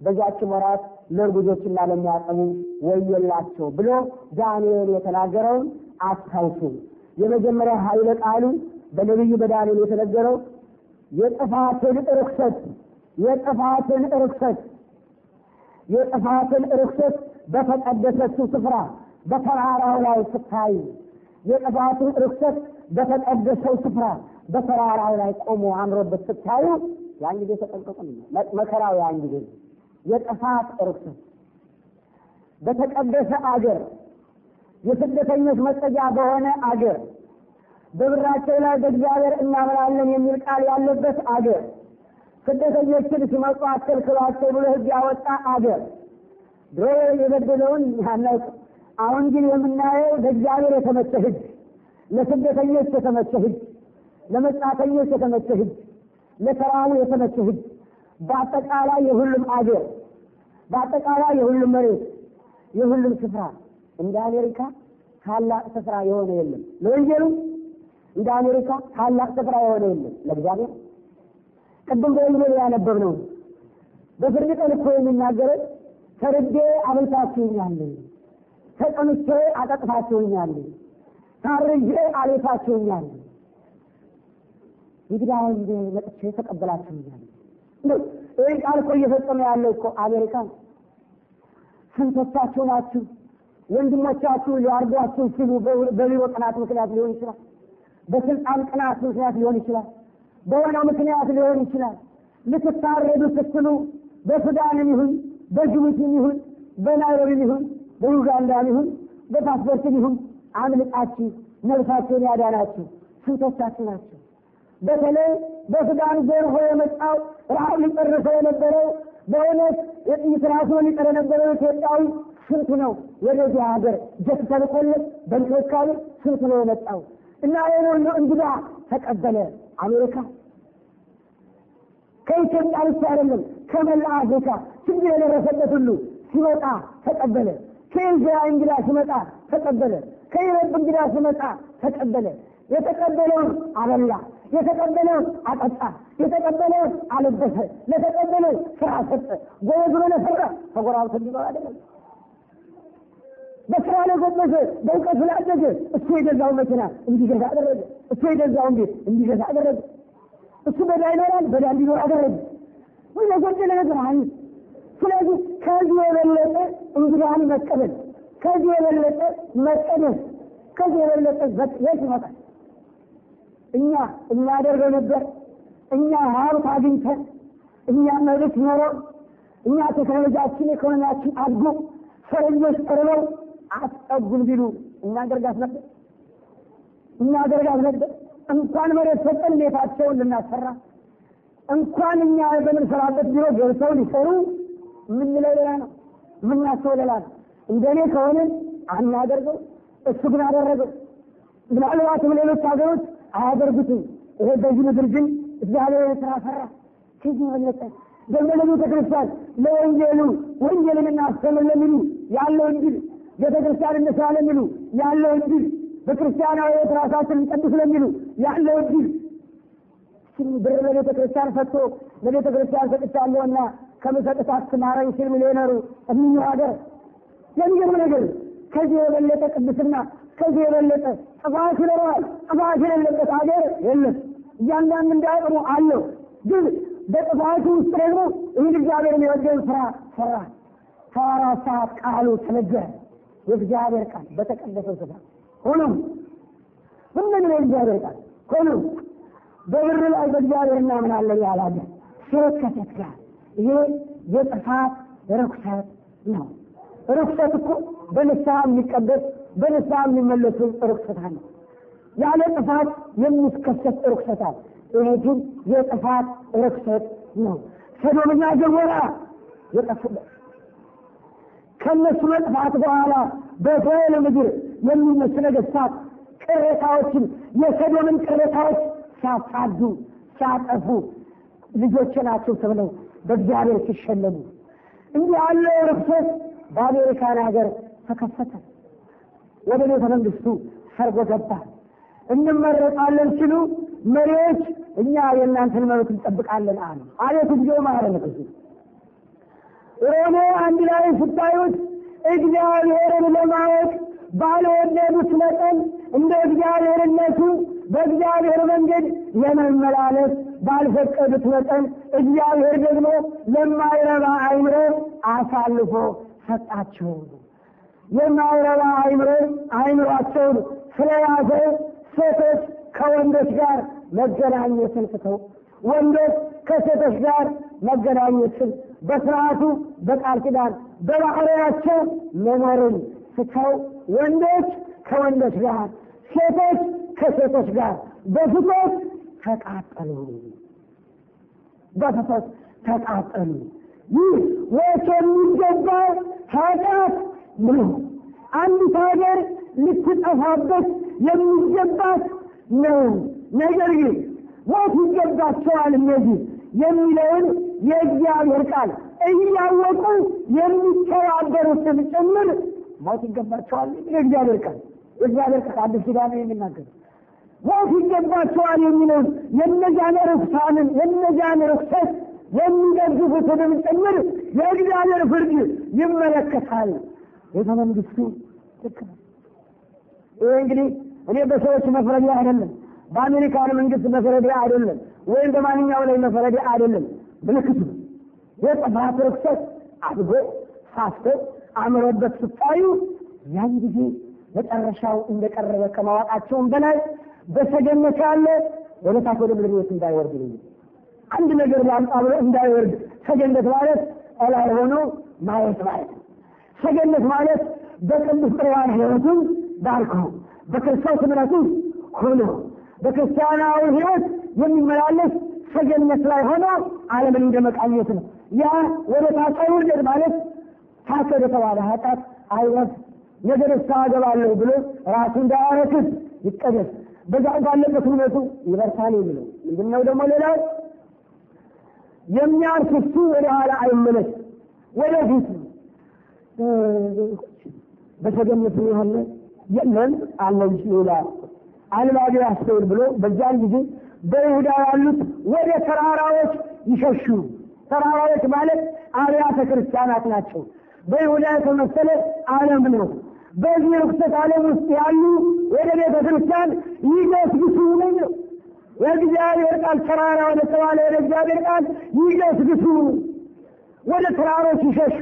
በዛችም ወራት ለእርጉዞችና ለሚያጠቡ ወየላቸው ብሎ ዳንኤል የተናገረውን አስታውሱ። የመጀመሪያ ኃይለ ቃሉ በነቢዩ በዳንኤል የተነገረው የጥፋትን እርክሰት የጥፋትን እርክሰት የጥፋትን እርክሰት በተቀደሰችው ስፍራ በተራራው ላይ ስታይ የቅባቱ ርኩሰት በተቀደሰው ስፍራ በተራራው ላይ ቆሞ አምሮበት ስታዩ ያን ጊዜ ተጠንቀቁ። መከራው ያን ጊዜ የጥፋት ርኩሰት በተቀደሰ አገር የስደተኞች መጠጃ በሆነ አገር በብራቸው ላይ በእግዚአብሔር እናምናለን የሚል ቃል ያለበት አገር ስደተኞችን ሲመጡ አትከልክሏቸው ብሎ ሕግ ያወጣ አገር ድሮ የበደለውን ያናውቅ አሁን ግን የምናየው ለእግዚአብሔር የተመቸ ህግ፣ ለስደተኞች የተመቸ ህግ፣ ለመጻተኞች የተመቸ ህግ፣ ለተራቡ የተመቸ ህግ፣ በአጠቃላይ የሁሉም አገር፣ በአጠቃላይ የሁሉም መሬት፣ የሁሉም ስፍራ እንደ አሜሪካ ታላቅ ስፍራ የሆነ የለም። ለወንጀሉ እንደ አሜሪካ ታላቅ ስፍራ የሆነ የለም ለእግዚአብሔር። ቅድም በወንጌል ነው በፍርድ ቀን እኮ የሚናገረን ተርቤ አበልታችሁኛል ተጠምቼ አጠጥታችሁኛል፣ ታርዬ አሌታችሁኛል፣ እንግዲህ መጥቼ ተቀበላችሁኛል። ይህ ቃል እኮ እየፈጸመ ያለው እኮ አሜሪካ ስንቶቻችሁ ናችሁ? ወንድሞቻችሁ ሊያርዷችሁ ሲሉ በቢሮ ቅናት ምክንያት ሊሆን ይችላል። በስልጣን ቅናት ምክንያት ሊሆን ይችላል። በሆነ ምክንያት ሊሆን ይችላል። ልትታረዱ ስትሉ በሱዳንም ይሁን በጅቡቲም ይሁን በናይሮቢም ይሁን በዩጋንዳም ይሁን በፓስፖርትም ይሁን አምልጣችሁ መልሳችሁን ያዳናችሁ ስንቶቻችሁ ናቸው። በተለይ በሱዳን ጎርፎ የመጣው ረሃብ ሊጨርሰው የነበረው በእውነት የጥይት ራሱን ሊቀር የነበረው ኢትዮጵያዊ ስንቱ ነው ወደዚህ ሀገር ጀት ተልኮለት በእንክብካቤ ስንቱ ነው የመጣው እና ይህን ሁሉ እንግዳ ተቀበለ አሜሪካ። ከኢትዮጵያ ብቻ አይደለም ከመላ አፍሪካ ችግር የደረሰበት ሁሉ ሲመጣ ተቀበለ። ከኤልዛ እንግዳ ሲመጣ ተቀበለ። ከኢዮብ እንግዳ ሲመጣ ተቀበለ። የተቀበለውን አበላ፣ የተቀበለውን አጠጣ፣ የተቀበለውን አለበሰ፣ ለተቀበለው ስራ ሰጠ። ጎበዝ ብሎ ለሰራ ተጎራብቶ እንዲኖር አደረገ። በስራ ለጎበዘ፣ በእውቀት ስላደገ እሱ የገዛውን መኪና እንዲገዛ አደረገ። እሱ የገዛውን ቤት እንዲገዛ አደረገ። እሱ በዳ ይኖራል፣ በዳ እንዲኖር አደረገ። ወይ ለጎደለ ነገር አይ ስለዚህ ከዚህ የበለጠ እንግዳህን መቀበል፣ ከዚህ የበለጠ መቀደስ፣ ከዚህ የበለጠ ዘቅዘቅ ይመጣል። እኛ እናደርገው ነበር እኛ ሀብት አግኝተን እኛ መብት ኖሮ እኛ ቴክኖሎጂያችን ኢኮኖሚያችን አድጎ ፈረንጆች ቀርበው አትጠጉም ቢሉ እናደርጋት ነበር እናደርጋት ነበር። እንኳን መሬት ሰጠን ቤታቸውን ልናሰራ እንኳን እኛ በምንሰራበት ቢሮ ገብተው ሊሰሩ የምንለው ሌላ ነው፣ የምናስበው ሌላ ነው። እንደኔ ከሆነን አናደርገው፣ እሱ ግን አደረገው። ምናልባትም ሌሎች ሀገሮች አያደርጉትም። ይሄ በዚህ ምድር ግን እግዚአብሔር ስራ ሰራ። ከዚህ መለጠ ደግሞ ለቤተ ክርስቲያን ለወንጌሉ ወንጌልን እናስተምር ለሚሉ ያለው እንዲል ቤተ ክርስቲያን እንስራ ለሚሉ ያለው እንዲል በክርስቲያናዊ ራሳችን እንቀድስ ለሚሉ ያለው እንዲል ብር ለቤተ ክርስቲያን ሰጥቶ ለቤተ ክርስቲያን ሰጥቻለሁና ከምሰጥህ አስተማረኝ ሲል ሚሊዮነሩ እምኛ ሀገር የሚገርም ነገር ከዚህ የበለጠ ቅድስና ከዚህ የበለጠ ጥፋት ይኖረዋል። ጥፋት የሌለበት ሀገር የለም። እያንዳንድ እንዳያቅሙ አለው። ግን በጥፋቱ ውስጥ ደግሞ ይህን እግዚአብሔር የሚወደውን ስራ ሰራ። ሰራ ሰዓት ቃሉ ተነገረ። የእግዚአብሔር ቃል በተቀደሰ ስራ ሆኖም ሁሉም እግዚአብሔር ቃል ሆኖም በብር ላይ በእግዚአብሔር እናምናለን ያለ ሀገር ሽረት ከተትላል ይሄ የጥፋት ርኩሰት ነው። ርኩሰት እኮ በንስሐ የሚቀደስ በንስሐ የሚመለሱ ርኩሰት አለ። ያለ ጥፋት የሚከሰት ርኩሰት ይሄ ግን የጥፋት ርኩሰት ነው። ሰዶምና ገሞራ የጠፉበት ከእነሱ መጥፋት በኋላ በበል ምድር የሚነሱ ነገስታት ቅሬታዎችን የሰዶምን ቅሬታዎች ሲያሳዱ ሲያጠፉ ልጆቼ ናቸው ተብለው በእግዚአብሔር ሲሸለሙ እንዲህ ያለው ርክሰት በአሜሪካን ሀገር ተከፈተ። ወደ ቤተ መንግስቱ ሰርጎ ገባ። እንመረጣለን ሲሉ መሪዎች እኛ የእናንተን መብት እንጠብቃለን አሉ። አቤቱ ጊዜው ማረነ ኦሮሞ አንድ ላይ ስታዩት እግዚአብሔርን ለማወቅ ባልወደዱት መጠን እንደ እግዚአብሔርነቱ በእግዚአብሔር መንገድ ለመመላለስ ባልፈቀዱት መጠን እግዚአብሔር ደግሞ ለማይረባ አይምሮ አሳልፎ ሰጣቸው። የማይረባ አይምሮ አይምሯቸውን ስለያዘ ሴቶች ከወንዶች ጋር መገናኘትን ትተው ወንዶች ከሴቶች ጋር መገናኘትን በስርዓቱ በቃል ኪዳን በባህሪያቸው መኖርን ትተው ወንዶች ከወንዶች ጋር ሴቶች ከሴቶች ጋር በፍቅር ተቃጠሉ። በፈሳት ተቃጠሉ። ይህ ወቸ የሚገባ ኃጢአት ነው። አንዲት ሀገር ልትጠፋበት የሚገባት ነው። ነገር ግን ሞት ይገባቸዋል እነዚህ የሚለውን የእግዚአብሔር ቃል እያወቁ የሚተባበሩትን ጭምር ሞት ይገባቸዋል። የእግዚአብሔር ቃል የእግዚአብሔር ቃል አዲስ ኪዳን የሚናገር ወፍ ይገባቸዋል የሚለውን የእነዚያን ርኩሳንን የእነዚያን ርኩሰት የሚደግፉትንም ጭምር የእግዚአብሔር ፍርድ ይመለከታል። ቤተ መንግስቱ ልክ እንግዲህ እኔ በሰዎች መፍረድ አይደለም፣ በአሜሪካን መንግስት መፍረድ አይደለም፣ ወይም በማንኛው ላይ መፍረድ አይደለም። ምልክቱ የጥፋት ርኩሰት አድጎ ሳስቶ አምሮበት ስታዩ ያን ጊዜ መጨረሻው እንደቀረበ ከማወቃቸውም በላይ በሰገነት ያለ ወደታች ወደ ምድር ቤት እንዳይወርድ ነው። አንድ ነገር ላምጣ ብሎ እንዳይወርድ። ሰገነት ማለት እላይ ሆኖ ማየት ማለት ሰገነት ማለት በቅዱስ ቁርባን ሕይወቱን ባርከው በክርስቶስ እምነቱ ሆኖ በክርስቲያናዊ ህይወት የሚመላለስ ሰገነት ላይ ሆኖ ዓለምን እንደመቃኘት ነው። ያ ወደ ታች ውርደት ማለት ታች ወደ ተባለ ኃጢአት አይወርድ ነገ ደስታ አገባለሁ ብሎ ራሱ እንዳያረክስ ይቀደስ በዛ ባለበት እውነቱ ይበርታል የሚለው ምንድነው? ደግሞ ሌላው የሚያርፍ እሱ ወደ ኋላ አይመለስ፣ ወደፊት በተገነት ያለ የለን አለ ሌላ አልባቢ ያስተውል ብሎ በዛን ጊዜ በይሁዳ ያሉት ወደ ተራራዎች ይሸሹ። ተራራዎች ማለት አብያተ ክርስቲያናት ናቸው። በይሁዳ የተመሰለ ዓለም ነው። በዚህ ርኩሰት ዓለም ውስጥ ያሉ ወደ ቤተ ክርስቲያን ይገስግሱ ነው። የእግዚአብሔር ቃል ተራራ ወደ ተባለ ወደ እግዚአብሔር ቃል ይገስግሱ፣ ወደ ተራሮች ይሸሹ።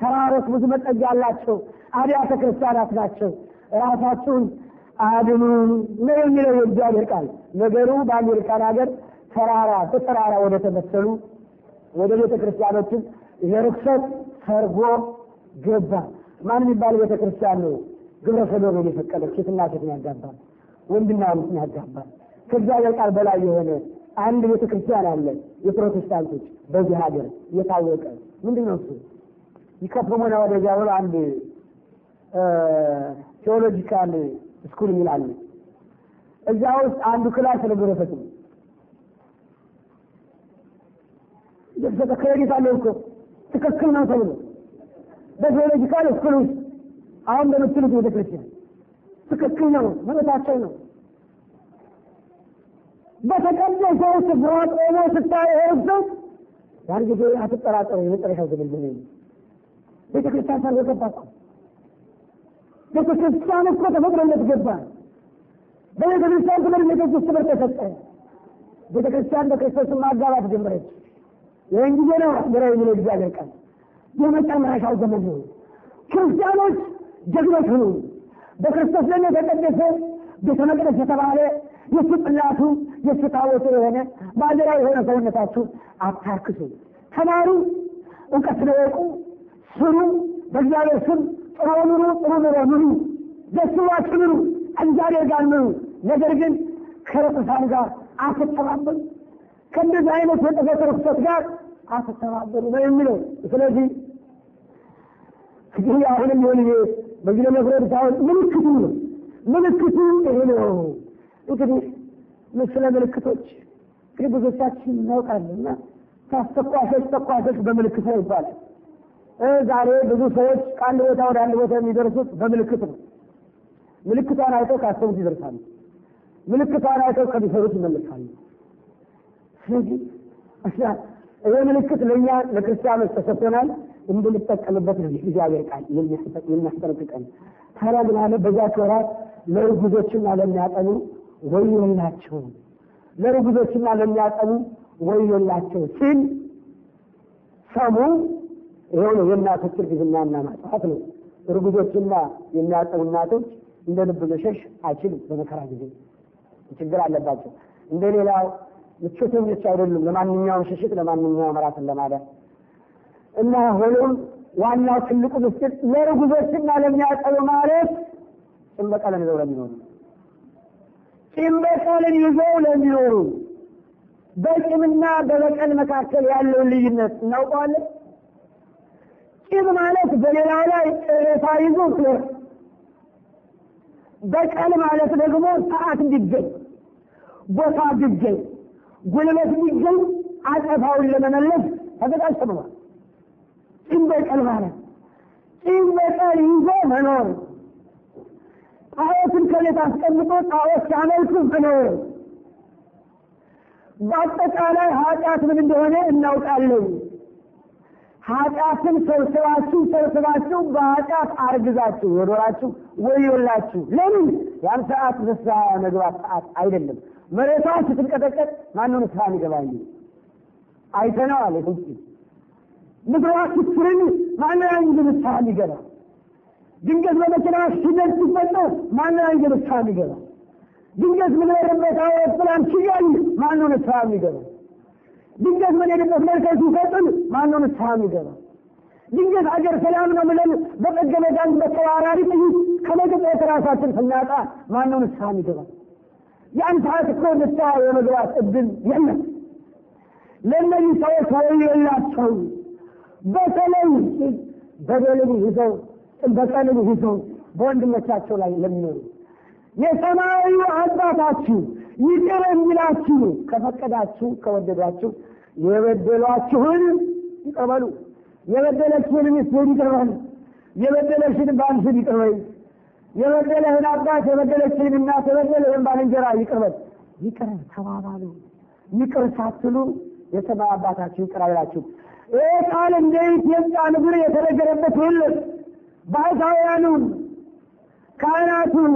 ተራሮች ብዙ መጠጊያ አላቸው፣ አብያተ ክርስቲያናት ናቸው። ራሳችሁን አድኑ ነው የሚለው የእግዚአብሔር ቃል። ነገሩ በአሜሪካን ሀገር ተራራ በተራራ ወደ ተመሰሉ ወደ ቤተ ክርስቲያኖችን የርኩሰት ሰርጎ ገባ። ማን የሚባል ቤተ ክርስቲያን ነው? ግብረ ሰዶምን የፈቀደው ሴትና ሴትን ያጋባል፣ ወንድና ወንድን ያጋባል። ከእግዚአብሔር ቃል በላይ የሆነ አንድ ቤተ ክርስቲያን አለ። የፕሮቴስታንቶች በዚህ ሀገር የታወቀ ምንድን ነው እሱ? ይከፍሙና ወደዚያ ብሎ አንድ ቴዎሎጂካል ስኩል ይላል። እዚያ ውስጥ አንዱ ክላስ ስለ ግብረሰት ነው የተሰጠ ክሬዲት አለው እኮ ትክክል ነው ተብሎ በጂኦሎጂካል ስኩል ውስጥ አሁን በምትሉት ቤተ ክርስቲያን ትክክል ነው፣ መብታቸው ነው። በተቀደሰው ስፍራ ቆሞ ስታይ ሰው ያን ጊዜ አትጠራጠሩ፣ የመጨረሻው ግብል ምን ቤተ ክርስቲያን ሳል ገባ ቤተ ክርስቲያን እኮ ተፈቅዶለት ገባ። በቤተ ክርስቲያን ትምህርት ቤቶች ውስጥ ትምህርት ተሰጠ። ቤተ ክርስቲያን በክርስቶስ ማጋባት ጀመረች። ይህን ጊዜ ነው ብለው የሚለው እግዚአብሔር ቃል የመጨረሻው ዘመን ነው። ክርስቲያኖች ጀግኖች ሁኑ። በክርስቶስ ደም የተቀደሰ ቤተ መቅደስ የተባለ የሱ ጽላቱ የሱ ታቦቱ የሆነ ባንዲራ የሆነ ሰውነታችሁ አታርክሱ። ተማሩ፣ እውቀት ለወቁ፣ ስሩ፣ በእግዚአብሔር ስም ጥሩ ኑሩ፣ ጥሩ ኑሮ ኑሩ፣ ደስ ብሏችሁ ኑሩ፣ እግዚአብሔር ጋር ኑሩ። ነገር ግን ከርኩሳን ጋር አትተባበሉ ከእንደዚህ አይነት ወጥፈት ርኩሰት ጋር አትተባበሩ ነው የሚለው ስለዚህ እንግዲህ አሁንም ሆን ይሄ በዚህ ለመፍረድ ሳይሆን ምልክቱ ነው። ምልክቱ ይሄ ነው። እንግዲህ ምስለ ምልክቶች እንግዲህ ብዙዎቻችን እናውቃለንና ታስተኳሾች ተኳሾች በምልክት ነው ይባላል። ዛሬ ብዙ ሰዎች ከአንድ ቦታ ወደ አንድ ቦታ የሚደርሱት በምልክት ነው። ምልክቷን አይተው ካሰቡት ይደርሳሉ። ምልክቷን አይተው ከሚሰሩት ይመለሳሉ። ስለዚህ ይሄ ምልክት ለእኛ ለክርስቲያኖች ተሰጥቶናል። እንድንጠቀምበት ነው እግዚአብሔር ቃል የሚያስጠነቅቀን። ታዲያ ምን አለ? በዚያች ወራት ለርጉዞችና ለሚያጠቡ ወዮላቸው፣ ለርጉዞችና ለሚያጠቡ ወዮላቸው ሲል ሰሙ። ይኸው ነው የእናቶች እርግዝናና ማጽዋት ነው። እርጉዞችና የሚያጠቡ እናቶች እንደ ልብ መሸሽ አይችሉም። በመከራ ጊዜ ችግር አለባቸው። እንደ ሌላው ምቾተኞች አይደሉም። ለማንኛውም ሽሽት፣ ለማንኛውም ራስን ለማዳን እና ሆኖም ዋናው ትልቁ ምስጢር ለርጉዞችና ለሚያጠሉ ማለት ጢም በቀለም ይዘው ለሚኖሩ ጢም በቀልን ይዘው ለሚኖሩ በቂምና በበቀል መካከል ያለውን ልዩነት እናውቀዋለን። ጭም ማለት በሌላ ላይ ቅሬታ ይዞ በቀል ማለት ደግሞ ሰዓት እንዲገኝ ቦታ እንዲገኝ ጉልበት እንዲገኝ አጸፋውን ለመመለስ ተዘጋጅ ተብሏል። ጢም በቀል ማለት ጢም በቀል ይዞ መኖር፣ ጣዖትን ከቤት አስቀምጦ ጣዖት ሲያመልኩ መኖር። በአጠቃላይ ኃጢአት ምን እንደሆነ እናውቃለን። ኃጢአትን ሰብስባችሁ ሰብስባችሁ በኃጢአት አርግዛችሁ ወዶራችሁ ወዮላችሁ። ለምን ያን ሰዓት ንስሐ መግባት ሰዓት አይደለም። መሬቷን ስትንቀጠቀጥ ማነው ንስሐ ይገባል? አይተነዋል። ምድሯ ስትረኝ ማናያን ንስሐ ሊገባ ድንገት በመኪና ሲደር ሲፈጠው ማናያን ንስሐ ሊገባ ድንገት ምንሄድበት አውሮፕላን ማን ነው ንስሐ የሚገባ ድንገት ምን ምንሄድበት መርከዝ ሲፈጥን ነው ንስሐ የሚገባ ድንገት አገር ሰላም ነው ብለን በመገበጋን በተባራሪ ጥይት ከመግባት ራሳችን ስናጣ ነው ንስሐ የሚገባ ያን ሰዓት እኮ ንስሐ የመግባት እድል የለም ለእነዚህ ሰዎች ወይ የላቸውም በተለይ በደልን ይዘው በቀልን ይዘው በወንድሞቻቸው ላይ ለሚኖሩ የሰማያዊ አባታችሁ ይቅር የሚላችሁ ከፈቀዳችሁ ከወደዷችሁ የበደሏችሁን ይቀበሉ። የበደለችውን ሚስትን ይቅርበል። የበደለሽን ባልሽን ይቅርበል። የበደለህን አባት፣ የበደለችን እናት፣ የበደለህን ባልንጀራ ይቅርበል። ይቅር ተባባሉ። ይቅር ሳትሉ የሰማይ አባታችሁ ይቅር አይላችሁ። ቃል እንደ ኢትዮጵያ ንብር የተነገረበት የለም። ባህታውያኑን ካህናቱን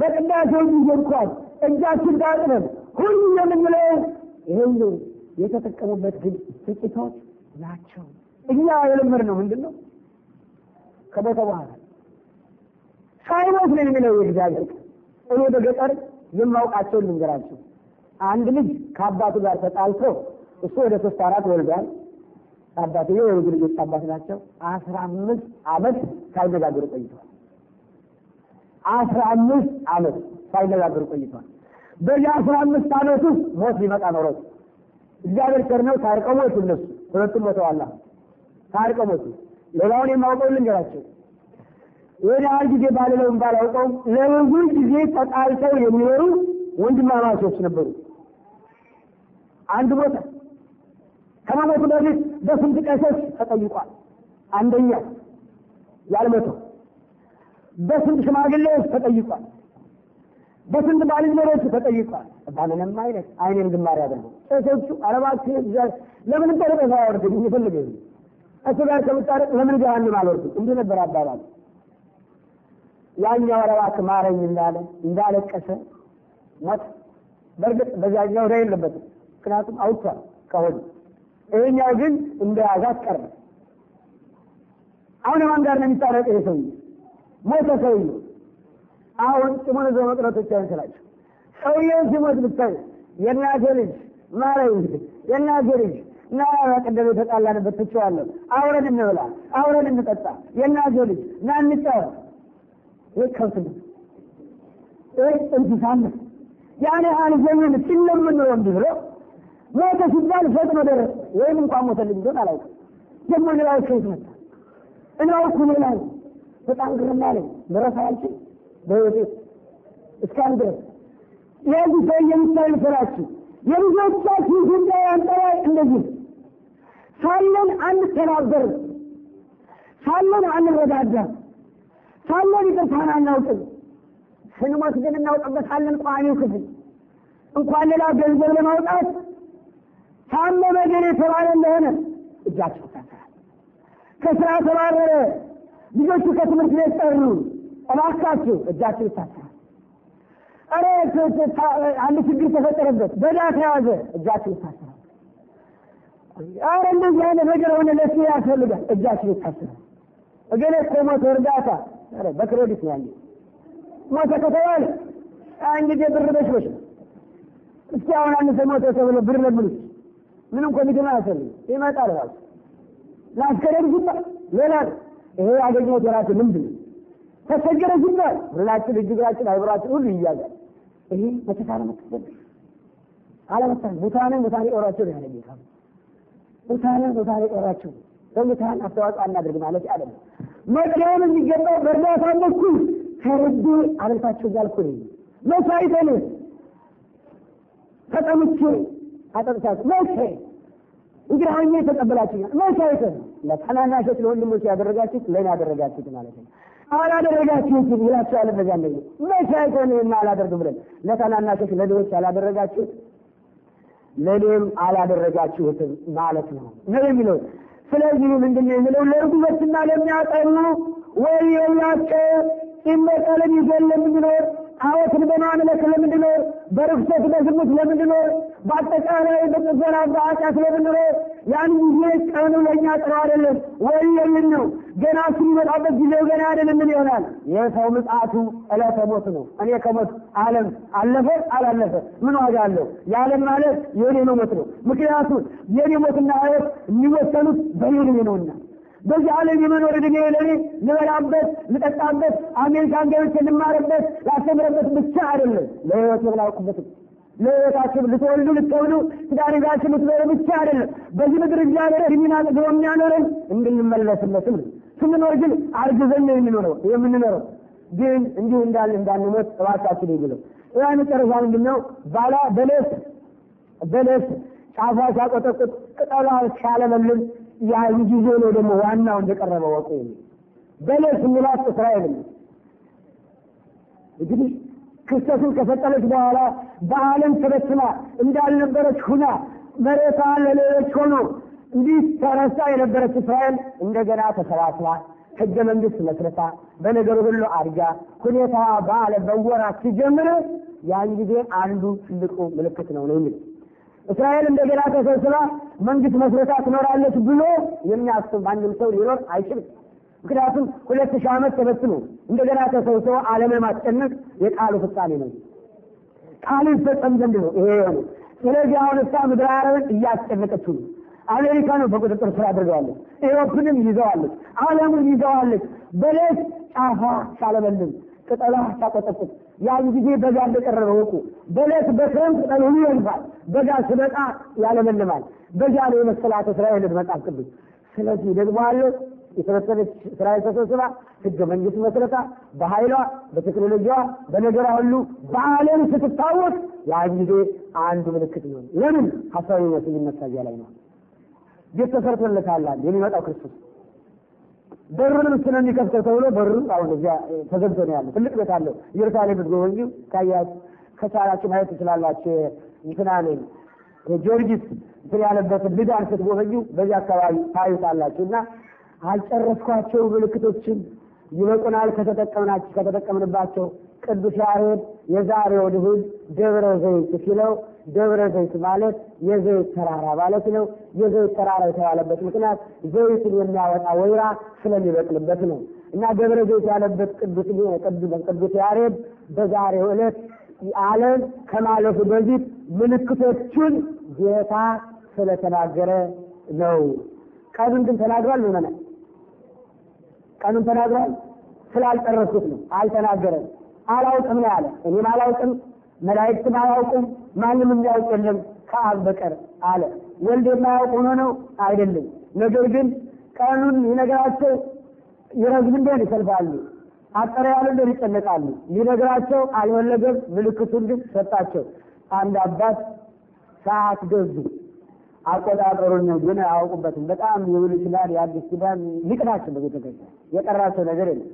በቅዳሴው ጊዜ እንኳን እጃችን ታጥበን ሁሉ የምንለው ይሄ የተጠቀሙበት ግን ጥቂቶች ናቸው። እኛ የለመድ ነው ምንድን ነው ከቦታ በኋላ ሳይሞት ነው የሚለው የእግዚአብሔር እኔ በገጠር የማውቃቸውን ልንገራቸው። አንድ ልጅ ከአባቱ ጋር ተጣልቶ እሱ ወደ ሶስት አራት ወልዷል። አባትየው የልጅ ልጆች አባት ናቸው። አስራ አምስት ሳይነጋገሩ ቆይተዋል። አስራ አምስት ሳይነጋገሩ ቆይተዋል። በዚህ አስራ አምስት ዓመት ውስጥ ሞት ሊመጣ ኖሮት እግዚአብሔር ቸር ነው። ታርቀው ሞቱ። እነሱ ሁለቱም ታርቀው ሞቱ። ሌላውን የማውቀው ልንገራቸው ወደ አንድ ጊዜ ባልለውን ባላውቀው ለብዙ ጊዜ ተጣልተው የሚኖሩ ወንድማማቾች ነበሩ አንድ ቦታ ከመሞቱ በፊት በስንት ቀሶች ተጠይቋል? አንደኛ ያልመቶ በስንት ሽማግሌዎች ተጠይቋል? በስንት ባልንጀሮች ተጠይቋል? ባንንም አይነት አይኔን ግማር ያደርጉ ቄሶቹ አረባክ ለምን ጠርቀ አወርድም ይፈልገ እሱ ጋር ከምታረቅ ለምን ገሃንም አልወርድም እንዲህ ነበር አባባል። ያኛው አረባክ ማረኝ እንዳለ እንዳለቀሰ ሞት። በእርግጥ በዚያኛው ዳ የለበትም፣ ምክንያቱም አውቷል ከሆኑ ይሄኛው ግን እንደያዘ አስቀረ። አሁን ማን ጋር ነው የሚታረቅ? ይሄ ሰውዬ ሞተ። ሰው አሁን ጢሙን ይዘው መቅረት ብቻ ይመስላቸው። ሰውዬው ሲሞት ብታይ የእናቴ ልጅ ማረኝ እንግዲህ የእናቴ ልጅ ና ቀደም የተጣላንበት ትቼዋለሁ፣ አውረን እንብላ፣ አውረን እንጠጣ፣ የእናቴ ልጅ ና እንጫወት። ይህ ከብት ነው፣ ይህ እንስሳ ነው። ያን ሲለምን ነው እንዲህ ብሎ ሞተ ሲባል ፈጥኖ ደረሰ። ወይም እንኳን ሞተልኝ ቢሆን አላውቅም። ደግሞ ሌላዎች መጣ? እኔው እኮ ሌላ ነው። በጣም ግርማ ነኝ። መረሳ አልችል በህይወቴ እስካሁን ድረስ ይህ ሰው የምታዩ ስራችሁ የልጆቻችሁ ኢትዮጵያውያን ጠባይ እንደዚህ ሳለን አንተባበር፣ ሳለን አንረዳዳ፣ ሳለን ይቅርታን አናውቅም። ስንሞት ግን እናውቅበታለን። ቋሚው ክፍል እንኳን ሌላ ገንዘብ ለማውጣት ታመመ ነገር የተባለ እንደሆነ እጃቸው ታታል። ከስራ ተባረረ፣ ልጆቹ ከትምህርት ቤት ጠሩ፣ እባካችሁ እጃቸው ይታታል። ኧረ አንድ ችግር ተፈጠረበት፣ በዳ ተያዘ፣ እጃቸው ይታታል። አረ እንደዚህ አይነት ነገር ሆነ፣ ለሱ ያስፈልጋል፣ እጃቸው ይታታል። እገሌ እኮ ሞተ፣ እርዳታ በክሬዲት ነው ያለ ሞተ ከተባለ እንግዲህ ብር በሽበሽ እስኪ አሁን አንድ ሰው ሞተ ተብሎ ብር ነብሉት ምንም ኮሚቴም አያስፈልግም። ይመጣል ራሱ ላስከደድ ሲባል ሌላ ነው። ይሄ ያገኘሁት የራሴ ልምድ ነው። ተቸገረ ሲባል ብላችን፣ እጅ እግራችን፣ አይብራችን ሁሉ ይያዛል። ይሄ በተቻለ መቀበል አለመታን ሙታንን ሙታን የቆራቸው ነው ያለ ጌታ ሙታንን ሙታን የቆራቸው በሙታን አስተዋጽኦ አናድርግ ማለት አይደለም። መቼም የሚገባው በእርዳታ በኩል ከርዱ አብልታቸው እያልኩ ነው መሳይተን ተጠምቼ አጠጥታችሁ መቼ እንግዲህ አኛ የተቀበላችሁኛል መቼ አይተ ለታናናሾች ለወንድሞች ያደረጋችሁት ለእኔ ያደረጋችሁት ማለት ነው። አላደረጋችሁት ይላችኋል። በዛ እንደኝ መቼ አይተ እኔማ አላደርግ ብለን ለታናናሾች ለድሆች ያላደረጋችሁት ለእኔም አላደረጋችሁትም ማለት ነው ነው የሚለው ስለዚህ ምንድን ነው የሚለው ለርጉበትና ለሚያጠኑ ወይ የላቸው ሲመቀልን ይዘን ለምንድኖር ጣዖትን በማምለክ ለምንድኖር በርኩሰት በዝሙት ለምንድኖር በአጠቃላይ በጥገና በአጫት ላይ ብንሮ ያን ጊዜ ቀኑ ለእኛ ጥሩ አይደለም ወይ የሚል ነው። ገና ስንመጣበት ጊዜው ገና አይደለም። ምን ይሆናል? የሰው ምጽአቱ ዕለተ ሞት ነው። እኔ ከሞት ዓለም አለፈ አላለፈ ምን ዋጋ አለው? የዓለም ማለት የኔ ሞት ነው። ምክንያቱም የኔ ሞትና ሕይወት የሚወሰኑት በኔ ዕድሜ ነውና በዚህ ዓለም የመኖር ዕድሜ ለእኔ ልበላበት፣ ልጠጣበት፣ አሜሪካን ገብቼ ልማርበት፣ ላስተምረበት ብቻ አይደለም ለሕይወት የብላውቅበትም ለህይወታችሁ ልትወልዱ ልትወልዱ ትዳር ይዛችሁ ልትኖሩ ብቻ አይደለም። በዚህ ምድር እግዚአብሔር እድሜን አጥግቦ የሚያኖረን እንድንመለስለትም ነው። ስንኖር ግን አርግዘን ነው የምንኖረው የምንኖረው ግን እንዲሁ እንዳለ እንዳንሞት እባካችን ይብለው ያ መጨረሻ ምንድን ነው? ባላ በለስ በለስ ጫፏ ሲያቆጠቁጥ ቅጠሏ ሲያለመልም ያን ጊዜ ነው ደግሞ ዋናው እንደቀረበ ወቁ በለስ የሚላት እስራኤል ነው እንግዲህ ክስተቱን ከፈጠረች በኋላ በዓለም ተበትና እንዳልነበረች ሁና መሬቷ ለሌሎች ሆኖ እንዲህ ተረሳ የነበረች እስራኤል እንደገና ተሰባስባ ህገ መንግስት መስረታ በነገሩ ሁሉ አድጋ ሁኔታ ባለ በወራት ሲጀምር ያን ጊዜ አንዱ ትልቁ ምልክት ነው ነው የሚል እስራኤል እንደገና ተሰብስባ መንግስት መስረታ ትኖራለች ብሎ የሚያስብ አንድም ሰው ሊኖር አይችልም። ምክንያቱም ሁለት ሺህ ዓመት ተበትኖ እንደገና ተሰብስቦ ዓለምን ማስጨነቅ የቃሉ ፍጻሜ ነው። ቃሉ ይፈጸም ዘንድ ነው ይሄ የሆነ። ስለዚህ አሁን እሳ ምድረ አረብን እያስጨነቀችው ነው። አሜሪካን በቁጥጥር ስር አድርገዋለች። ኤሮፕንም ይዘዋለች። ዓለሙን ይዘዋለች። በሌት ጫፋ ሳለበልም ቅጠላ ሳቆጠቁጥ ያን ጊዜ በጋ እንደቀረበ ወቁ። በሌት በክረምት ቅጠል ሁሉ ይወልፋል፣ በጋ ስመጣ ያለመልማል። በዚያ ነው የመሰላት እስራኤልን መጽሐፍ ቅዱስ ስለዚህ ደግሞ አለ የሰበሰበች እስራኤል ተሰብስባ ህገ መንግስት መስረታ በኃይሏ በቴክኖሎጂዋ በነገሯ ሁሉ በዓለም ስትታወቅ ያ ጊዜ አንዱ ምልክት ይሆን። ለምን ሀሳዊ መስኝነት ታያ ላይ ነው። ቤት ተሰርቶለታል የሚመጣው ክርስቶስ በሩንም ስለሚከፍተው ተብሎ በሩ አሁን እዚያ ተዘግቶ ነው ያለው። ትልቅ ቤት አለው። ኢየሩሳሌም ብትጎበኙ ካያ ከቻላችሁ ማየት ትችላላችሁ። እንትናን ጊዮርጊስ እንትን ያለበት ልዳን ስትጎበኙ በዚህ አካባቢ ታዩታላችሁ እና አልጨረስኳቸው ምልክቶችን ይበቁናል ከተጠቀምናቸው ከተጠቀምንባቸው ቅዱስ ያሬድ የዛሬው ልሁድ ደብረ ዘይት ሲለው ደብረ ዘይት ማለት የዘይት ተራራ ማለት ነው። የዘይት ተራራ የተባለበት ምክንያት ዘይትን የሚያወጣ ወይራ ስለሚበቅልበት ነው እና ደብረ ዘይት ያለበት ቅዱስ ቅዱስ ያሬድ በዛሬው ዕለት ዓለም ከማለፉ በፊት ምልክቶቹን ጌታ ስለተናገረ ነው። ቀኑን ግን ተናግሯል ምመናል ቀኑን ተናግሯል? ስላልጠረሱት ነው። አልተናገረም። አላውቅም ነው ያለ። እኔም አላውቅም፣ መላእክትም አያውቁም፣ ማንም የሚያውቅ የለም ከአብ በቀር አለ። ወልድ የማያውቅ ሆኖ ነው አይደለም። ነገር ግን ቀኑን ይነግራቸው ይረግብ እንደሆን ይሰልፋሉ፣ አጠረ ያሉ እንደሆን ይጨነቃሉ። ሊነግራቸው አልፈለገም። ምልክቱን ግን ሰጣቸው። አንድ አባት ሰዓት ገዙ። አቆጣጠሩን ግን አያውቁበትም። በጣም የብሉይ ኪዳን የአዲስ ኪዳን ሊቅ ናቸው። በቤተ ክርስቲያን የቀራቸው ነገር የለም።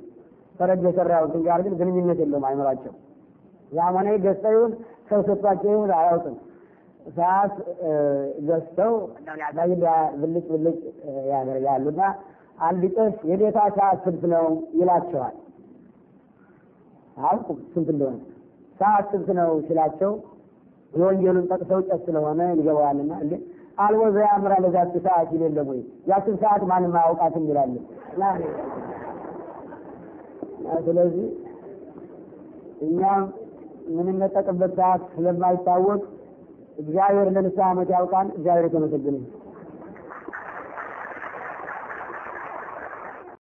ፈረጅ የሰራሁትን ጋር ግን ግንኙነት የለውም አይምራቸው። የአሞናዊ ገዝተው ይሁን ሰው ሰጥቷቸው ይሁን አያውቅም። ሰዓት ገዝተው ብልጭ ብልጭ ያሉና አንድ ቄስ የጌታ ሰዓት ስንት ነው ይላቸዋል። አያውቁም ስንት እንደሆነ። ሰዓት ስንት ነው ሲላቸው የወንጌሉን ጠቅሰው ቄስ ስለሆነ ይገባዋልና እንዴ አልወዘ ያምራ ለዛች ሰዓት ይለለም ወይ ያችን ሰዓት ማንም አያውቃትም ይላል። ስለዚህ እኛም የምንነጠቅበት ሰዓት ስለማይታወቅ እግዚአብሔር ለንስሐ ዓመት ያውቃል። እግዚአብሔር የተመሰገነ